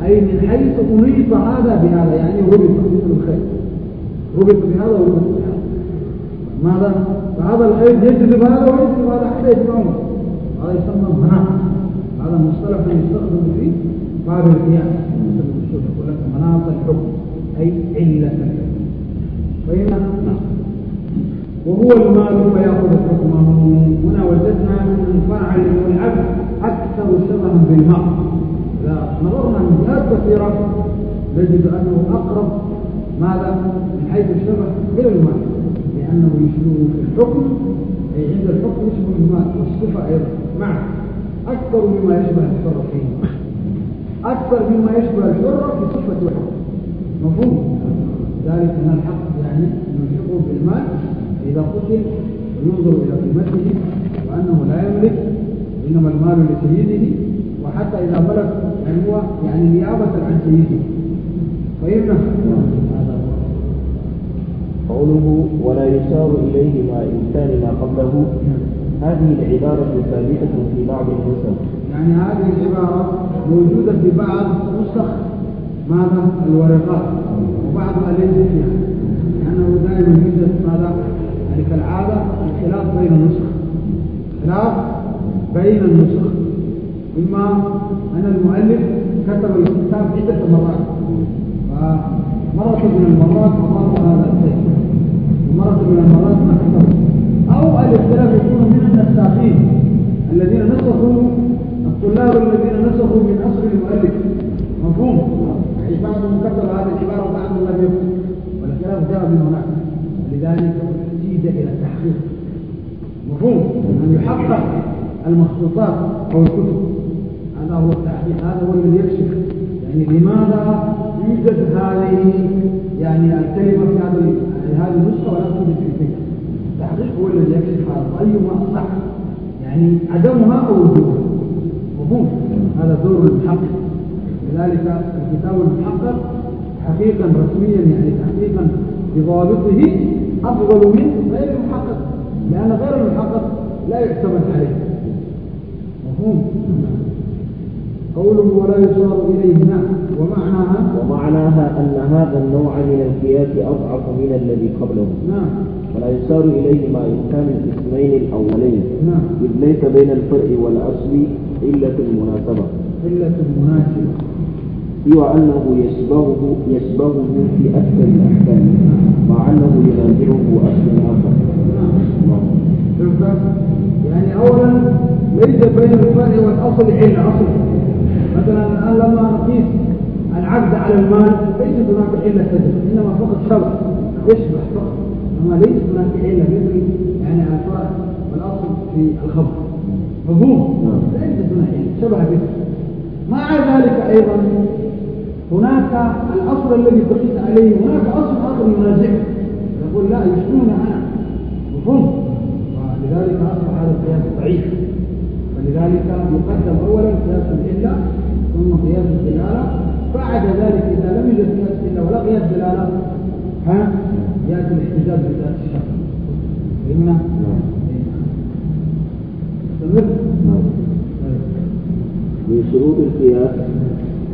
أي من حيث أريد هذا بهذا يعني ربط مثل الخير ربط بهذا وربط بهذا ماذا؟ فهذا الخير يجذب هذا ويجذب هذا حتى يجمعهم هذا يسمى مناعة هذا مصطلح يستخدم في باب القياس مثل يقول لك مناعة الحكم أي علة الحكم وهو المال فيأخذ حكمه هنا وجدنا أن فاعل والعبد أكثر شبها بالمرء إذا نظرنا من جهات كثيرة نجد أنه أقرب ماذا من حيث الشبه إلى المال لأنه يشبه في الحكم أي عند الحكم يشبه المال والصفة أيضا معنى أكثر مما يشبه الحرة فيه أكثر مما يشبه الحرة في صفة الحق مفهوم ذلك أن الحق يعني نلحقه بالمال إذا قتل ينظر إلى قيمته وأنه لا يملك إنما المال لسيده وحتى إذا بلغ يعني هو يعني نيابة عن سيده فهمنا قوله ولا يشار إليه مع إمكان ما قبله هذه العبارة ثابتة في بعض النسخ يعني هذه العبارة موجودة في بعض نسخ ماذا الورقات وبعضها ليس فيها لأنه دائما يوجد ماذا يعني كالعادة الخلاف بين النسخ خلاف بين النسخ إما أن المؤلف كتب الكتاب عدة مرات فمرة من المرات أضاف هذا الشيء ومرة من المرات ما كتبه أو الاختلاف يكون من النساخين الذين نسخوا الطلاب الذين نسخوا من أصل المؤلف مفهوم؟ يعني بعضهم كتب هذا الكبار وبعضهم لم يكتب والخلاف جاء من هناك لذلك نتيجة إلى التحقيق مفهوم أن يحقق المخطوطات أو الكتب هذا هو التحقيق هذا هو الذي يكشف يعني لماذا يوجد هذه يعني الكلمة في هذه هذه النسخة ولا توجد في الكتاب التحقيق هو الذي يكشف أيما أصح يعني عدمها أو وجودها مفهوم هذا دور المحقق لذلك الكتاب المحقق حقيقا رسميا يعني تحقيقا بضوابطه أفضل من غير المحقق لأن غير المحقق لا يعتمد عليه مفهوم قوله ولا يشار إليه نعم ومعناها ومعناها أن هذا النوع من القياس أضعف من الذي قبله نعم ولا يسار إليه ما يمكن الاسمين الأولين نعم إذ ليس بين الفرع والأصل إلا في المناسبة إلا في المناسبة سوى أنه يشبهه يشبهه في أكثر الأحكام مع أنه ينازعه أصل آخر نعم يعني أولا ليس بين الفرع والأصل حين أصل مثلا الآن لما نقيس العقد على المال ليس هناك حيلة تجد إنما فقط شرط يشبه فقط هما ليس هناك علة يعني على الفرق والاصل في الخبر مفهوم نعم. ليس هناك علة شبه به مع ذلك ايضا هناك الاصل الذي بقيت عليه هناك اصل اخر ينازعه يقول لا يشكون انا مفهوم ولذلك اصبح هذا القياس ضعيف ولذلك يقدم اولا قياس العله ثم قياس الدلاله بعد ذلك اذا لم يوجد قياس العله ولا قياس دلاله ها يأتي الاحتجاج بذات الشرط فهمنا؟ طيب. من شروط القياس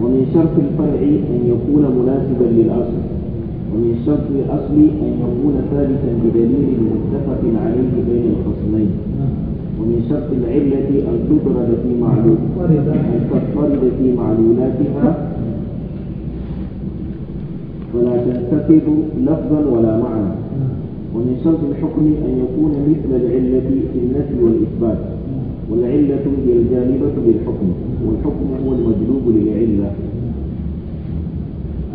ومن شرط الفرع أن يكون مناسبا للأصل ومن شرط الأصل أن يكون ثابتا بدليل متفق عليه بين الخصمين ومن شرط العلة أن تطرد في معلول أن تطرد في معلولاتها ولا تنتقد لفظا ولا معنى ومن شرط الحكم أن يكون مثل العلة في النفي والإثبات والعلة هي الجانبة بالحكم والحكم هو المجلوب للعلة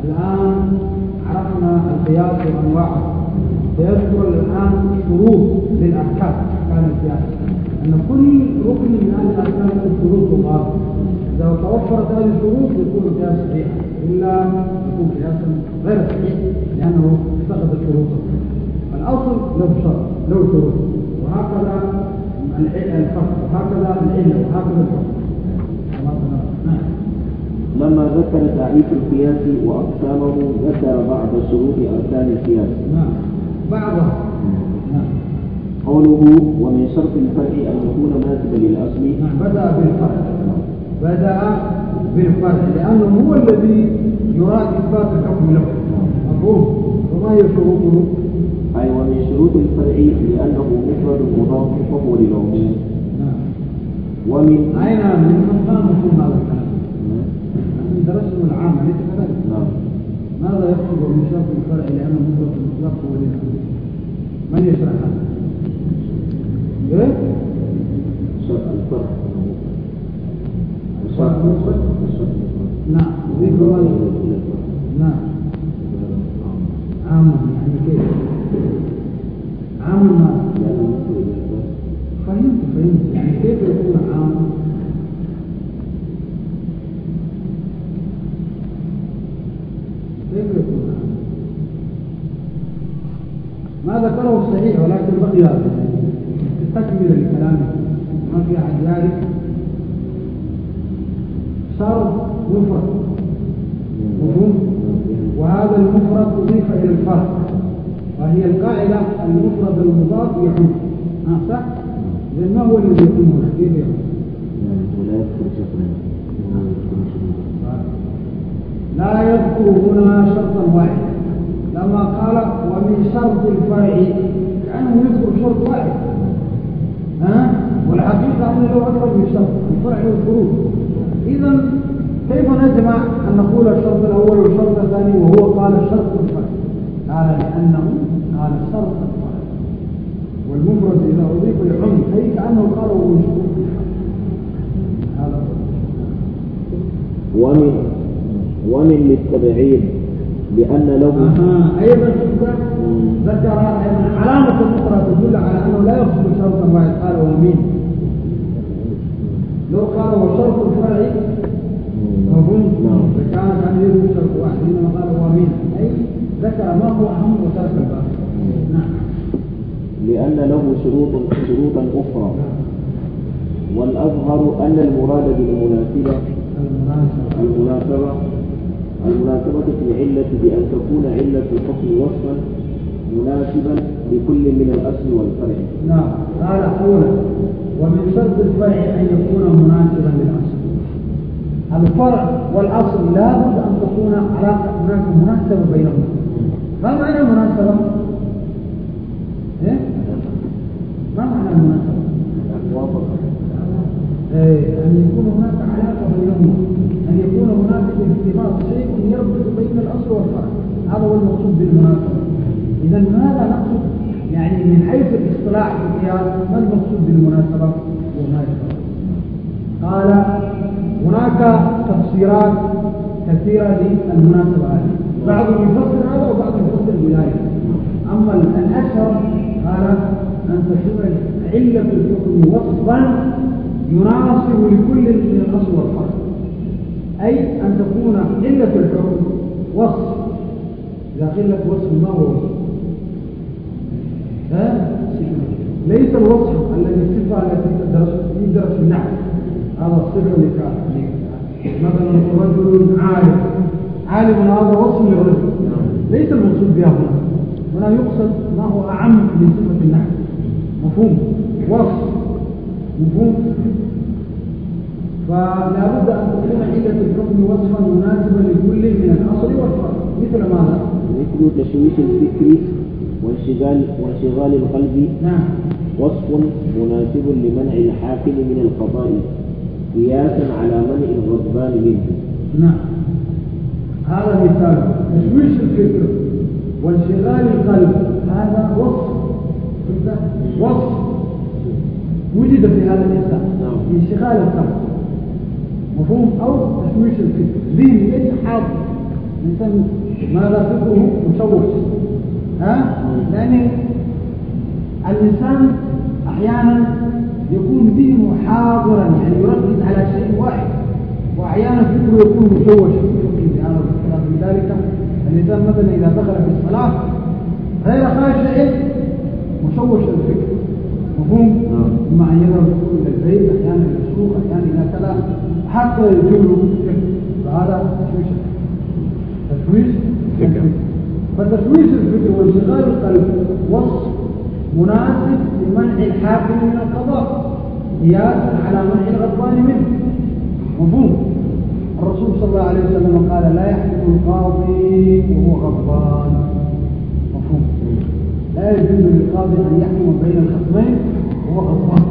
الآن عرفنا القياس وأنواعه سيذكر الآن شروط للأحكام كان القياس أن كل ركن من هذه الأحكام له شروط وضوابط إذا توفرت هذه الشروط يكون القياس صحيحا إلا يكون قياسا غير صحيح لأنه فقد الشروط الأصل له شرط له شروط وهكذا الحق وهكذا العلة وهكذا الحكم لما ذكر تعريف القياس واقسامه ذكر بعض شروط اركان القياس. نعم. بعضها. نعم. قوله ومن شرط الفرع ان يكون ماثلا للاصل. نعم. بدا بالفرع. بدا بين لأنه هو الذي يراد إثبات الحكم له مفهوم وما هي شروطه؟ أي أيوة، ومن شروط الفرع لأنه مفرد مضاف فهو للعموم ومن أين من قال مفهوم هذا الكلام؟ من نعم. درسنا العام ليس كذلك؟ نعم ماذا يقصد من شرط الفرع لأنه مفرد مضاف فهو للعموم؟ من يشرح هذا؟ إيه؟ شرط الفرع نعم ذكر والد نعم عام يعني كيف عام ما فهمت فهمت يعني كيف يكون عام كيف يكون عام ما ذكره صحيح ولكن بقي هذا تكمل الكلام ما في احد يعرف سرد مفرد مفهوم وهذا المفرد أضيف إلى الفرد وهي القاعدة المفرد المضاف ها صح؟ لأن ما هو الذي يكون مختلف؟ يعني لا يذكر هنا شرطا واحدا لما قال ومن شرط الفرع كانه يذكر شرط واحد ها والحقيقه انه له اكثر من شرط الفرع والفروع إذا كيف نجمع أن نقول الشرط الأول والشرط الثاني وهو قال الشرط الفرد قال لأنه قال الشرط الفرد والمفرد إذا أضيف لعم أي كأنه قال وجود هذا ومن ومن للتبعيد لأن له أها أيضا ذكر أن علامة أخرى تدل على أنه لا يقصد شرطا واحد قال ومن لو قال هو شرط شرعي نعم فكان كان يجوز شرط واحد انما قال هو من اي ذكر ما هو اهم وترك الباقي نعم لأن له شروط شروطا أخرى نعم. والأظهر أن المراد بالمناسبة المناسبة المناسبة في العلة بأن تكون علة الحكم وصفا مناسبا لكل من الأصل والفرع. نعم قال أولا ومن شرط الفرع أن يكون مناسبا للأصل الفرع والأصل لا بد أن تكون علاقة هناك مناسبة بينهما ما معنى مناسبة؟ إيه؟ ما معنى مناسبة؟ إيه أن يكون هناك علاقة بينهما أن يكون هناك ارتباط شيء يربط بين الأصل والفرع هذا هو المقصود بالمناسبة إذا ماذا نقصد اصطلاح القياس ما المقصود بالمناسبه وما قال هناك تفسيرات كثيره للمناسبه هذه بعضهم يفسر هذا وبعض يفسر الولايه اما الاشهر قال ان تكون عله الحكم وصفا يناسب لكل من الاصل والفرق اي ان تكون عله الحكم وصف اذا قيل لك وصف ما هو؟ ليس الوصف الذي صفة التي يدرس في النحو هذا الصفة لكافر مثلا رجل عالم عالم هذا وصف للرجل ليس المقصود بها هنا هنا يقصد ما هو أعم من صفة النحو مفهوم وصف مفهوم فلا بد أن تكون عدة الحكم وصفا مناسبا لكل من الأصل والفرع مثل ماذا؟ مثل تشويش الفكري وانشغال وانشغال القلب نعم وصف مناسب لمنع الحاكم من القضاء قياسا على منع الغضبان منه نعم هذا مثال تشويش الفكر وانشغال القلب هذا وصف وصف وجد في هذا الإنسان نعم انشغال القلب مفهوم أو تشويش الفكر ذهن ليس حاضر الإنسان ماذا فكره مشوش ها لأن اللسان أحيانا يكون ذهنه حاضرا يعني يركز على شيء واحد وأحيانا فكره يكون مشوش لذلك اللسان مثلا إذا دخل في الصلاة غير خاشع مشوش الفكر مفهوم؟ مع يرى الرسول إلى البيت أحيانا يسوق أحيانا إلى كلام حتى يجوله فهذا تشويش تشويش فتشويش الفكر وانشغال القلب وصف مناسب لمنع الحاكم من القضاء قياسا على منع الغضبان منه مفهوم الرسول صلى الله عليه وسلم قال لا يحكم القاضي وهو غضبان مفهوم لا يجوز للقاضي ان يحكم بين الخصمين وهو غضبان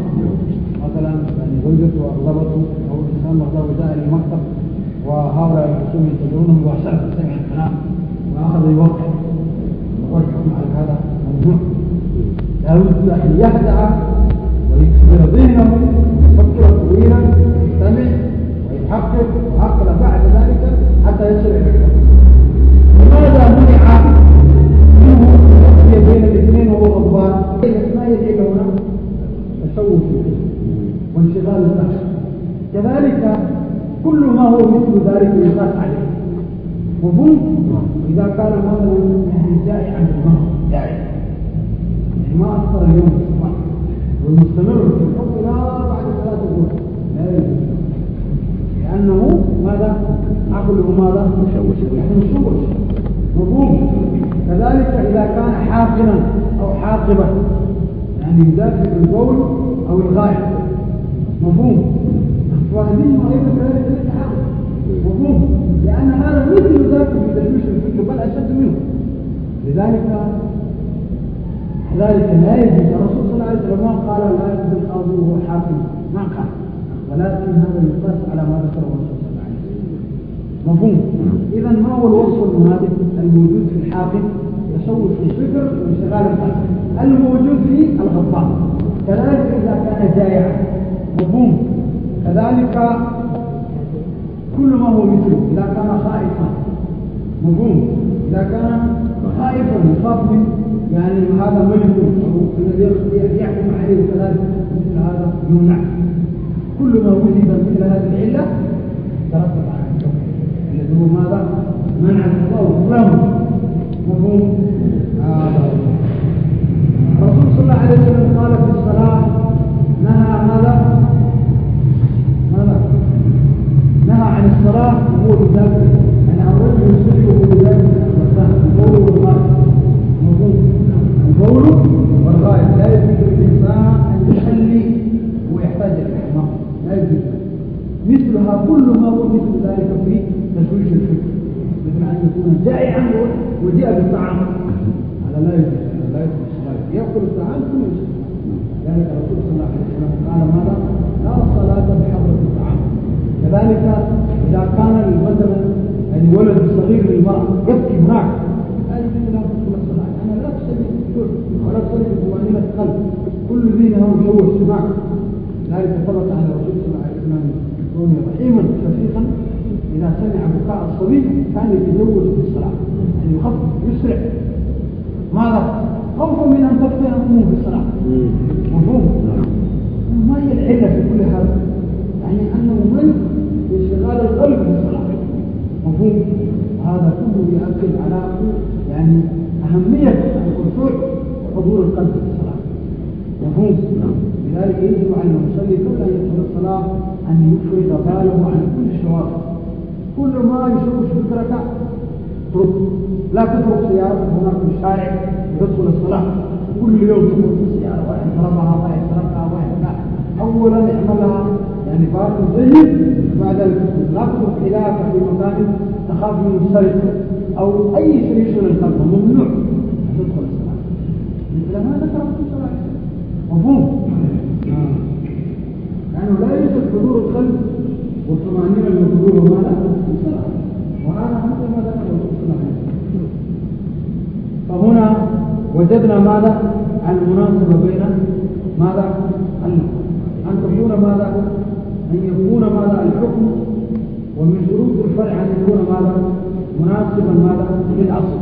مثلا يعني زوجته اغضبته او الانسان اغضبه جاء المكتب وهؤلاء الخصوم يتبعونه مباشره سمع الكلام اخذ يوقف ويحكم على هذا الموضوع لا بد أن يخدع ويكسر ذهنه فكر طويلا يستمع ويحقق وعقل بعد ذلك حتى يصل إلى الحكم لماذا منع منه التوفيق بين الاثنين وهو غضبان؟ ما يدعي هنا تشوش وانشغال النفس كذلك كل ما هو مثل ذلك يقاس عليه مفهوم إذا كان يعني الداعي عن المرء داعي ما أصدر اليوم الصباح والمستمر في الحكم لا بعد ثلاثة أشهر لا يجوز لأنه ماذا؟ عقله ماذا؟ مشوش مشوش مفهوم كذلك إذا كان حاقنا أو حاقبة يعني يدافع القول أو الغاية مفهوم وهذه أيضا كذلك الاتحاد وجوده لأن هذا مثل ذاك في تلبيس الفكر بل أشد منه لذلك ذلك لا يجوز الرسول صلى الله عليه وسلم قال لا يجوز القاضي وهو حاكم ما قال ولكن هذا يقاس على ما ذكره الرسول صلى الله عليه وسلم مفهوم إذا ما هو الوصف المهدف الموجود في الحاكم يصور في الفكر وانشغال الحاكم الموجود في الغضبان كذلك إذا كان جائعا مفهوم كذلك كل ما هو مثله إذا كان خائفا مفهوم إذا كان خائفا يخاف من يعني هذا مجنون أو الذي يحكم عليه كذلك مثل هذا يمنع كل ما وجد مثل هذه العلة ترتب على الذي هو ماذا؟ منع الله في الصلاة أن يعني يخفف يسرع ماذا؟ خوفا من أن تخطئ أمه الصلاة مفهوم؟ ما هي العلة في كل هذا؟ يعني أنه من يشغال القلب في الصلاة مفهوم؟ هذا كله يؤكد على يعني أهمية الخشوع وحضور القلب في الصلاة مفهوم؟ لذلك يجب على المصلي قبل أن يدخل الصلاة أن يفرغ باله عن كل الشواغل كل ما يشوش في الركعة لا تترك سيارة هناك في الشارع تدخل الصلاة كل يوم تترك السيارة وين ضربها وين سرقها وين لا أولا اعملها يعني بارك الظهر بعد لا تترك خلافة في مكان تخاف من السرقة أو أي شيء من الخلفة ممنوع تدخل الصلاة مثل ما ذكرت في الصلاة مفهوم نعم. لأنه لا يوجد حضور القلب والطمأنينة من حضور تدخل الصلاة فهنا وجدنا ماذا المناسبة بين ماذا أن تكون ماذا أن يكون ماذا الحكم ومن شروط الفرع أن يكون ماذا مناسبا ماذا للأصل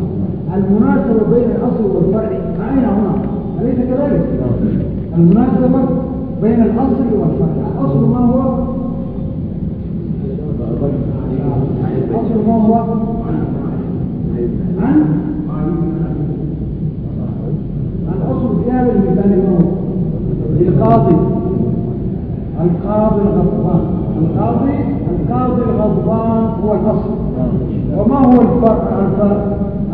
المناسبة بين الأصل والفرع أين هنا أليس كذلك نعم. المناسبة بين الأصل والفرع الأصل ما هو الموضوع عن عن أصل ديانة المثال الموضوع القاضي القاضي الغضبان القاضي القاضي الغضبان هو الأصل وما هو الفرق عن فرق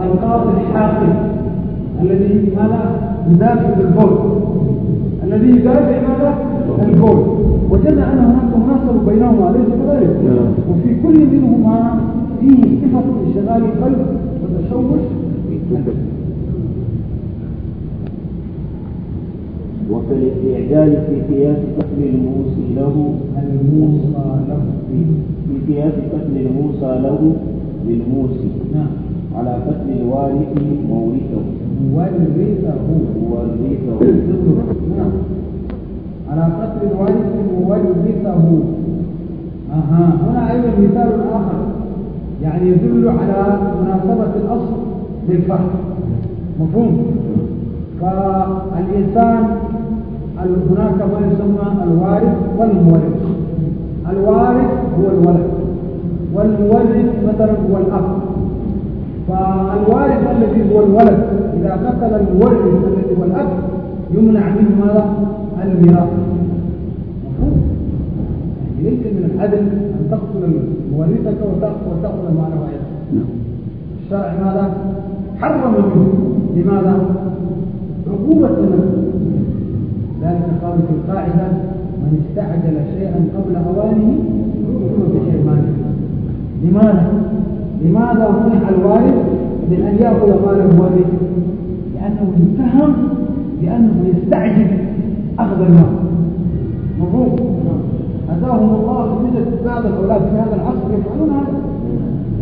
القاضي الحاكم الذي أنا يدافع بالظلم الذي يدافع ماذا الظلم وجدنا أن هناك مناسبة بينهما ليس كذلك وفي كل منهما فيه صفة انشغال القلب والتشوش بالتكلف وكالإعجال في قياس قتل الموصي له الموصى له في قياس قتل الموصى له للموصي نعم على قتل الوارث مورثه مورثه مورثه نعم على قتل الوارث مورثه أها هنا أيضا مثال آخر يعني يدل على مناسبة الأصل للفهم مفهوم فالإنسان هناك ما يسمى الوارث والمورث الوارث هو الولد والمورث مثلا هو الأب فالوارث الذي هو الولد إذا قتل المورث الذي هو الأب يمنع منه ماذا؟ الميراث يمكن من العدل أن تقتل مورثك وتأخذ غيرك نعم. الشرع ماذا؟ حرم الجهود لماذا؟ عقوبة ذلك قالوا في القاعدة من استعجل شيئا قبل أوانه يكون ماله لماذا؟ لماذا منح الوالد من أن يأخذ مال الوالد؟ لأنه يتهم بأنه يستعجل أخذ المال مفهوم جزاهم الله وجدت بعض الاولاد في هذا العصر يفعلون هذا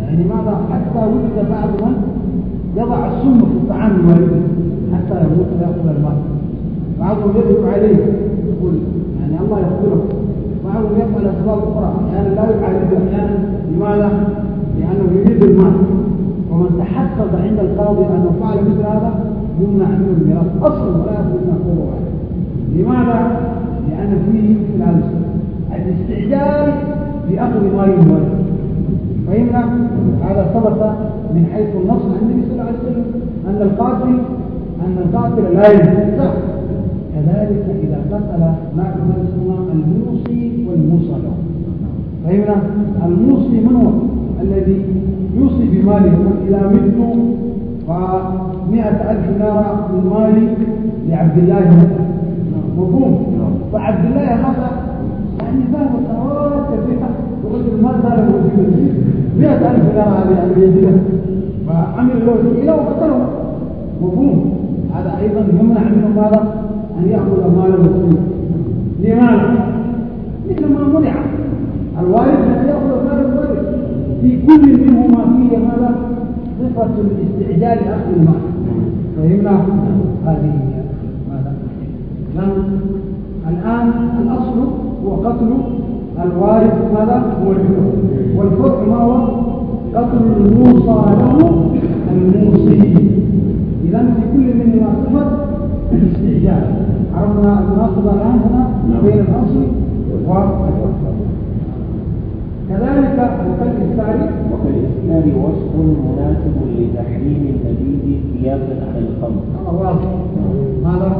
يعني ماذا حتى وجد بعض من يضع السم في الطعام الوالد حتى يموت ياكل الماء بعضهم يدعو عليه يقول يعني الله يغفره بعضهم يفعل اسباب اخرى احيانا لا يفعل احيانا لماذا؟ لانه يريد المال ومن تحقق عند القاضي انه فعل مثل هذا يمنع منه الميراث اصلا ولا يخرج من قوه لماذا؟ لان فيه خلال السنه الاستعجال لأخذ ما يمر فهمنا هذا ثبت من حيث النص عن النبي صلى الله عليه وسلم أن القاتل أن القاتل لا يجوز كذلك إذا قتل نحن نسمى الموصي والموصى فهمنا الموصي من هو الذي يوصي بماله إلى مت فمئة ألف دينار من مالي لعبد الله مفهوم فعبد الله هذا فهم الثروات كثيرة ورجل ما زال موجود 100000 ألف دراهم على بيده فعمل له إلى وقتله مفهوم هذا أيضا يمنع منه ماذا أن يأخذ مال المسلم لماذا؟ مثل ما منع الوالد أن يأخذ مال الوارث في كل منهما فيه ماذا؟ صفة الاستعجال أخذ المال فهمنا هذه ماذا؟ الآن الأصل هو قتل الوارث ماذا هو الجنوب والفرع ما هو قتل الموصى له الموصي إذا في كل منهما صفة الاستعجال عرفنا المناقضة الآن هنا نعم. بين الأصل والفرع كذلك الفرق الثالث وفي الإسلام وصف مناسب لتحريم المزيد قياسا على هذا الله ماذا؟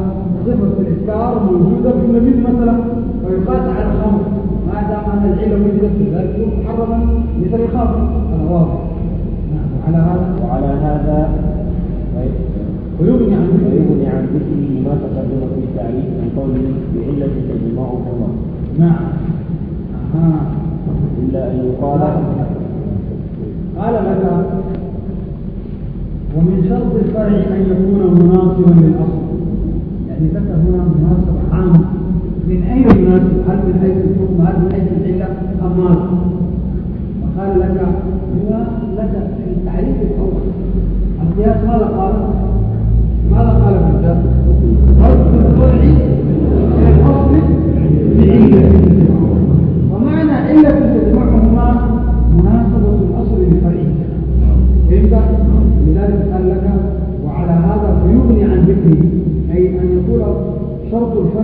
صفة الاذكار موجودة في النبي مثلا ويقاس على الخمر ما دام أن العلم وجدت ذلك محرما مثل الخمر هذا واضح نعم. وعلى هذا وعلى هذا طيب. ويغني عن ويغني عن ذكره ما تقدم في التعريف من قوله بعلة تجمع كما نعم أها إلا أن يقال قال لك ومن شرط الفرع أن يكون مناصبا للأصل يعني ذكر هنا مناصب عام من أين الناس؟ هل من حيث الحكم؟ هل من حيث العلة أم ماذا؟ فقال لك هو لك التعريف الأول القياس ماذا قال؟ ماذا قال في الدرس؟ الفرع الفرعي الحكم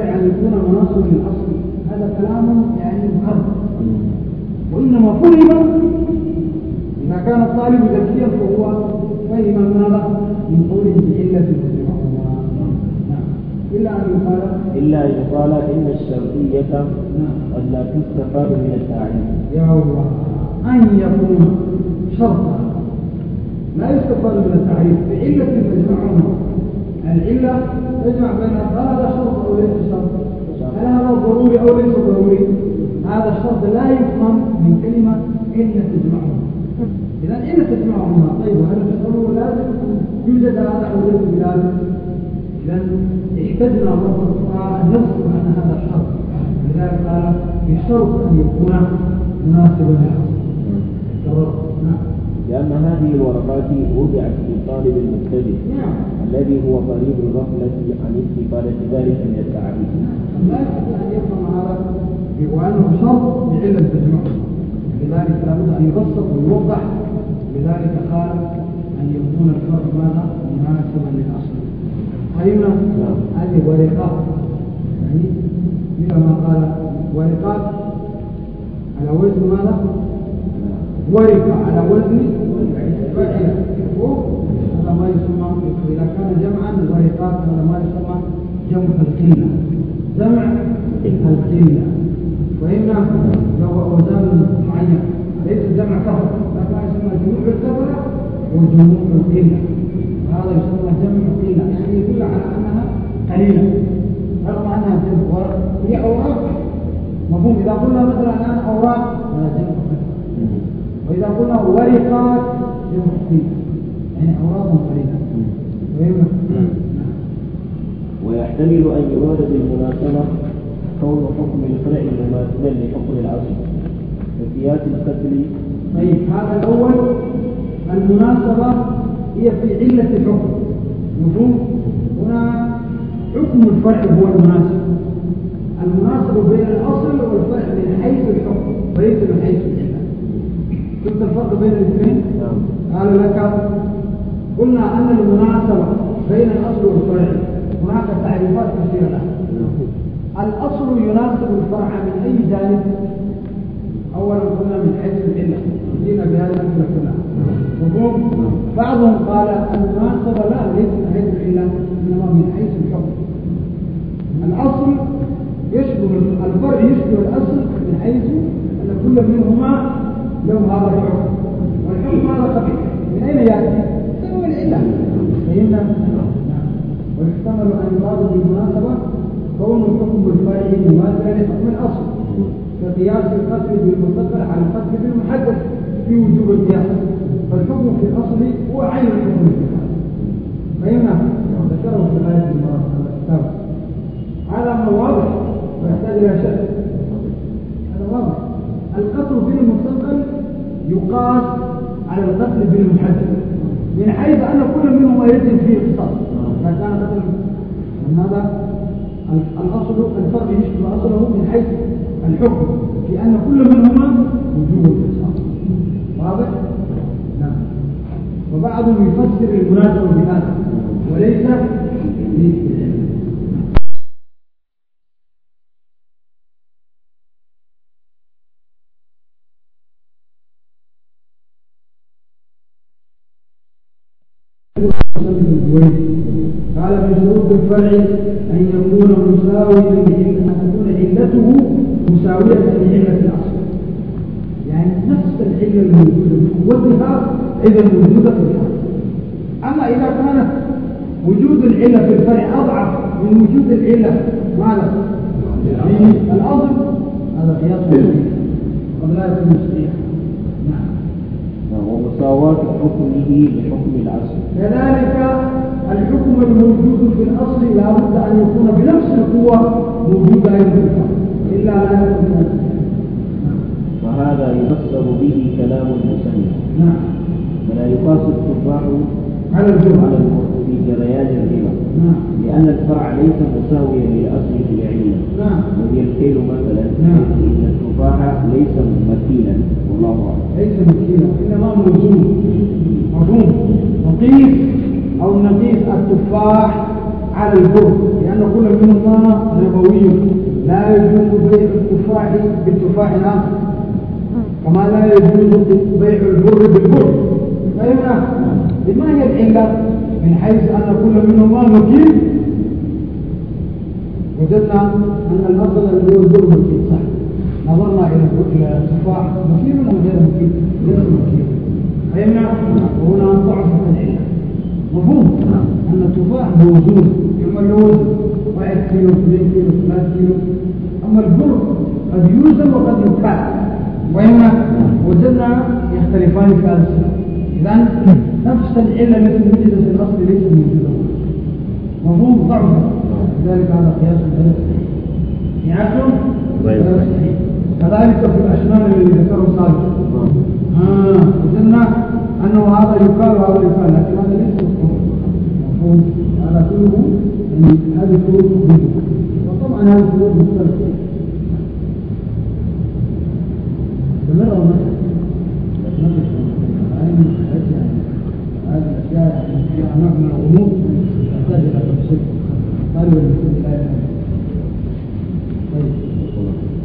الشرع أن يكون مناصب للأصل هذا كلام يعني مهم وإنما فهم إذا كان الطالب ذكيا فهو فهم ماذا من قوله بعلة نعم. إلا أن يقال إلا أن يقال إن الشرطية قد لا تستفاد من التعريف يا الله أن يكون شرطا لا يستفاد من التعريف بعلة تجمعهما العلة تجمع بين هذا شرط أو ليس شرط هل هذا ضروري أو ليس ضروري هذا الشرط لا يفهم من كلمة إن تجمعهما إذا إن تجمعهما طيب وهذا الشرط لازم يوجد هذا أو ليس بلازم إذا احتجنا نفس أن هذا الشرط لذلك قال بشرط أن يكون مناسبا للأصل نعم لأن هذه الورقات وضعت للطالب المبتدئ نعم. الذي هو قريب الغفلة عن استفادة ذلك من التعريف. لا يستطيع أن يفهم هذا وأنه شرط لعلة التجمع لذلك لابد أن يبسط ويوضح لذلك قال أن يكون الفرع ماذا مناسبا للأصل. فهمنا نعم. هذه ورقات يعني مثل ما قال ورقات على وزن ماذا؟ ورك على وزن فإن هذا ما يسمى إذا كان جمعا ورقات هذا ما يسمى جمع القلة جمع القلة وإن لو أوزان معينة ليس جمع كفر هذا ما يسمى جموع الكفرة وجموع القلة هذا يسمى جمع قلة يعني يدل على أنها قليلة هل أنها جمع ورق هي أوراق مفهوم إذا قلنا مثلا الآن أوراق هذا جمع وإذا قلنا ورقات يعني أوراق ورقات ويحتمل أن يراد بالمناسبة كون حكم الفرع مماثلا لحكم العصر وقياس القتل طيب هذا الأول المناسبة هي في علة الحكم نشوف هنا حكم الفرع هو المناسب المناسب بين الأصل والفرع من حيث الحكم وليس من حيث الحكم شفت الفرق بين الاثنين نعم. قال لك قلنا ان المناسبه بين الاصل والفرع هناك تعريفات كثيره نعم. الاصل يناسب الفرع من اي جانب اولا قلنا من حيث العله جينا بهذا الفكره كلها مفهوم نعم. بعضهم قال المناسبه لا ليس من حيث العله انما من حيث الحكم الاصل يشبه الفرع يشبه الاصل من حيث ان كل منهما له هذا الحكم والحكم هذا خبيث من اين ياتي؟ يعني؟ سبب العله فهمنا؟ ويحتمل ان يراد بالمناسبه كون الحكم بالفعل مماثلا لحكم الاصل كقياس القتل بالمطلق على القتل بالمحدث في وجوب القياس فالحكم في الاصل هو عين الحكم في الاصل فهمنا؟ ذكره في غايه المراه الكتاب هذا امر واضح ويحتاج الى شك القتل المحدد من حيث أن كل منهما يجري فيه اقتصاد فكان كان هذا الأصل الفرق يشمل أصله من حيث الحكم في أن كل منهما وجوب اقتصاد واضح؟ نعم وبعضهم يفسر المناسبة بهذا التفاح مفيد ولا غير مفيد؟ غير مفيد هيمنع وهنا ضعف العلم مفهوم ان التفاح موجود كما اللوز واحد كيلو اثنين كيلو ثلاث كيلو اما البر قد يوزن وقد يبتاع وهنا وجدنا يختلفان في هذا اذا نفس العله التي وجدت في الاصل ليس موجوده مفهوم ضعف لذلك هذا قياس غير نعم. طيب. صحيح قياس غير كذلك في الأشمال الذي ذكره صالح آه قلنا أنه هذا يقال وهذا يقال لكن هذا ليس مفهوم هذا كله يعني هذه شروط مهمة وطبعا هذه شروط مختلفة استمر ولا هذه الأشياء يعني فيها معنى غموض تحتاج إلى تفصيل قالوا المسلم لا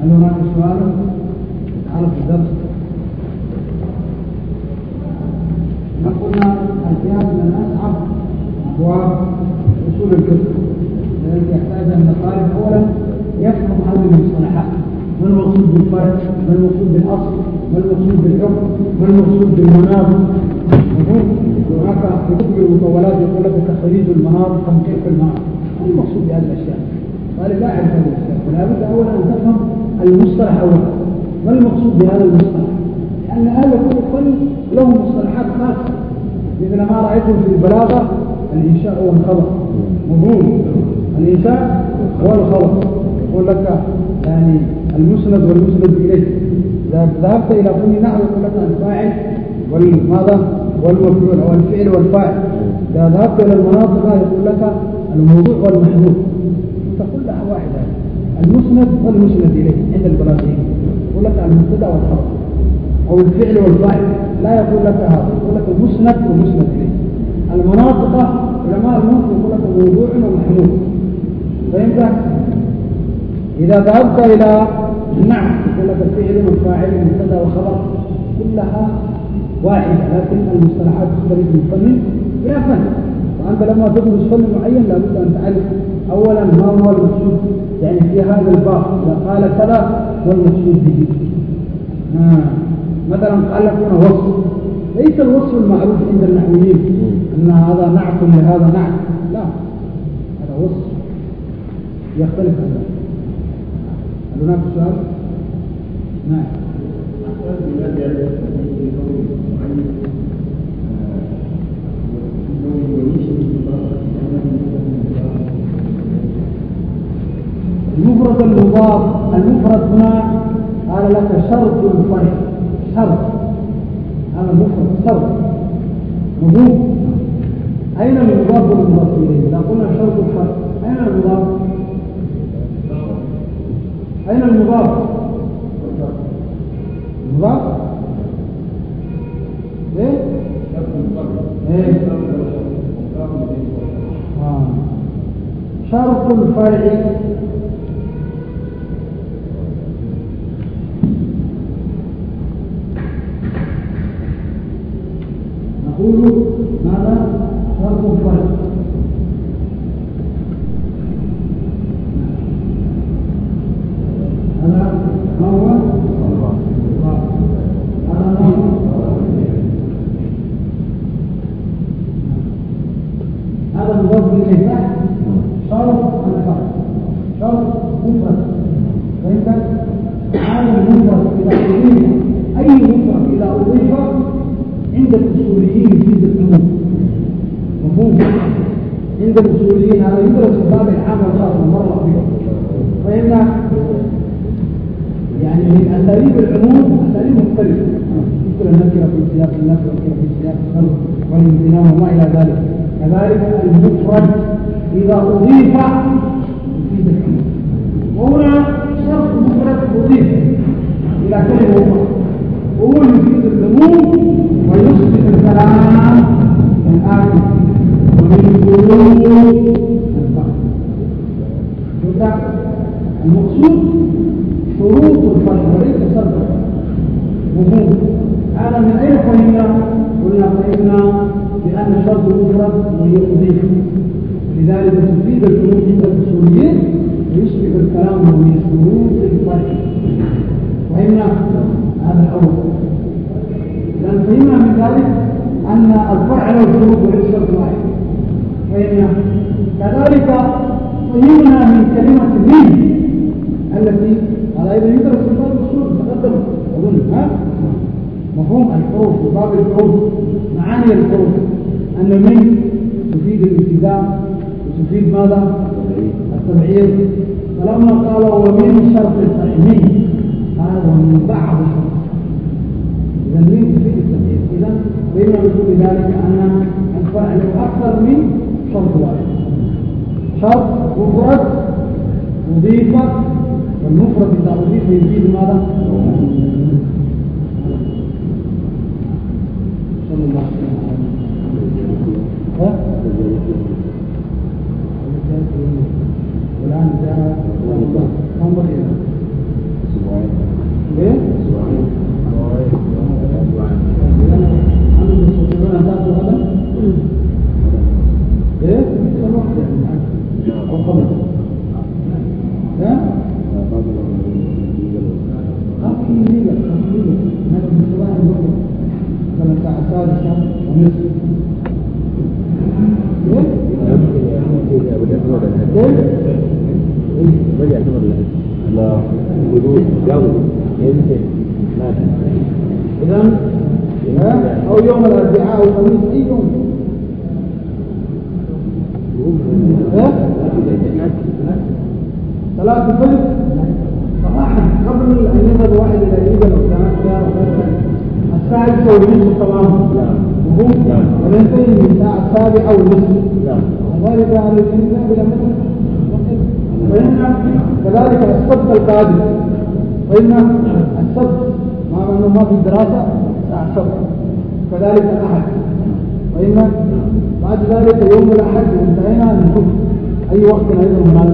هل هناك سؤال تعرف الدرس نقلنا الجهاد من اصعب ابواب اصول الفقه الذي يحتاج ان الطالب اولا يفهم هذه المصطلحات ما المقصود بالفرد؟ ما المقصود بالاصل؟ ما المقصود بالحكم؟ ما المقصود بالمناط؟ هناك كتب المطولات يقول لك تخريج المناط تنقيح المناط ما المقصود بهذه الاشياء؟ طالب لا يعرف هذه الاشياء فلا بد اولا ان تفهم المصطلح أولا ما المقصود بهذا المصطلح؟ لأن أهل كل فن له مصطلحات خاصة مثل ما رأيتم في البلاغة الإنشاء والخبر مفهوم الإنشاء والخبر يقول لك يعني المسند والمسند إليه إذا ذهبت إلى كل نحو يقول لك الفاعل والماذا والمفعول أو الفعل والفاعل إذا ذهبت إلى المناطق يقول لك الموضوع والمحذوف تقول لها واحدة المسند والمسند إليه عند البلاغيين يقول لك المبتدا والخبر أو الفعل والفاعل لا يقول لك هذا يقول لك المسند والمسند إليه المناطق علماء المنطق يقول لك موضوع ومحمول فهمت؟ إذا ذهبت إلى نعم يقول لك الفعل والفاعل المبتدأ والخبر كلها واحدة لكن المصطلحات تختلف من فن إلى فن وأنت لما تدرس فن معين لابد أن تعرف أولا ما هو المقصود يعني في هذا الباب إذا قال كذا والمقصود به آه. مثلا قال لك هنا وصف ليس الوصف المعروف عند النحويين أن هذا نعت لهذا نعت لا هذا وصف يختلف هذا هل هناك سؤال؟ نعم المفرد المضاف المفرد هنا قال لك شرط طيب شرط هذا المفرد شرط وجوب أين المضاف المضاف إليه؟ إذا قلنا شرط الشرط أين المضاف؟ أين المضاف؟ المضاف؟ إيه؟ إيه؟ آه. شرط الفرع يقول ماذا شرط الفرج هذا ما هو هذا ما هو هذا المضاف اليه شرط الفرج شرط مفرد فهمت هذا المفرد اذا اي مفرد اذا اضيف عند الاصوليين يفيد العموم مفهوم عند الاصوليين هذا يدرس باب العام والخاص مره بكم فان يعني من اساليب العموم اساليب مختلفه مثل النكره في سياق النكره في سياق الخلق والامتنان وما الى ذلك كذلك المفرد اذا اضيف يفيد العموم وهنا شرط مفرد اضيف الى كلمه اخرى وهو الذنوب ويصبح الكلام الآن ومن قلوب الفقر المقصود شروط الفرح وليس صدق وجود هذا من أين فهمنا؟ قلنا فهمنا بأن شرط الاخرى غير نظيف لذلك تفيد الجنود عند الأصوليين ويصبح الكلام من شروط الفرح فهمنا هذا الأول فهمنا من ذلك أن الفرع والذنوب وليس شرط واحد فهمنا؟ كذلك فهمنا من كلمة الدين التي على إذا يدرس في باب الأصول تقدم أظن ها مفهوم الحروف وباب الحروف معاني الحروف أن من تفيد الابتداء وتفيد ماذا؟ التبعير فلما قال ومن شرط الفهمين قال ومن بعض شرط تنوين تفيد التنوين إذا بينما الرسول ذلك أن الفاعل أكثر من شرط واحد شرط مفرد مضيفة والمفرد إذا أضيف يزيد ماذا؟ صلى الله عليه وسلم والآن جاء الله انظر إلى قبل ها؟ أخي ليلة أخي ليلة هذا من سواء الوقت فلن تعصار الشمس ومصر رجع ثمر لا وجود جو ينزل ماذا؟ إذا أو يوم الأربعاء والخميس أي يوم صلاة الفجر صباحا قبل أن يذهب واحد إلى جيزة لو كان الساعة التوقيت تماما وننتهي من الساعة السابعة أو النصف وذلك على الإنسان بلا وإن كذلك السبت القادم وإن السبت مع أنه ما في دراسة الساعة 7 كذلك الأحد وإن بعد ذلك يوم الأحد انتهينا عن الكفر أي وقت أيضا هناك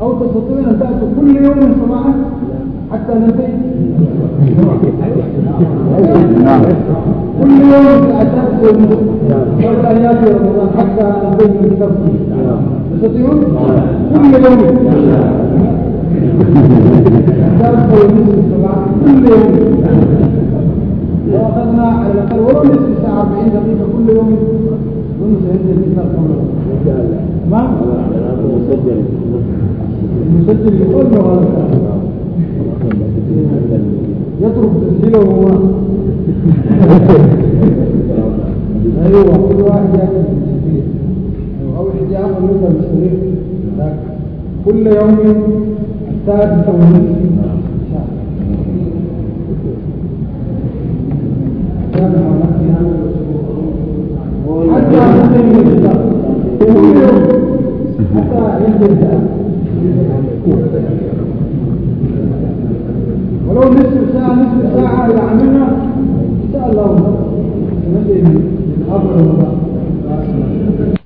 أو تستطيع أن تأتوا كل يوم صباحا حتى ننتهي كل يوم تأتوا قبل أن يأتي رمضان حتى ننتهي من الكفر تستطيعون؟ كل يوم تأتوا كل يوم لو اخذنا على الاقل ولو نصف ساعه 40 دقيقه كل يوم ونصف المثال كمان تمام؟ مسجل المسجل يقول له يترك تسجيله هو ايوه كل واحد يعمل يعني تسجيل او واحد ياخذ مثل الشريف كل يوم الساعه 8 ولو نصف ساعة نصف ساعة إلى عملنا إن شاء الله نبدأ من الأفضل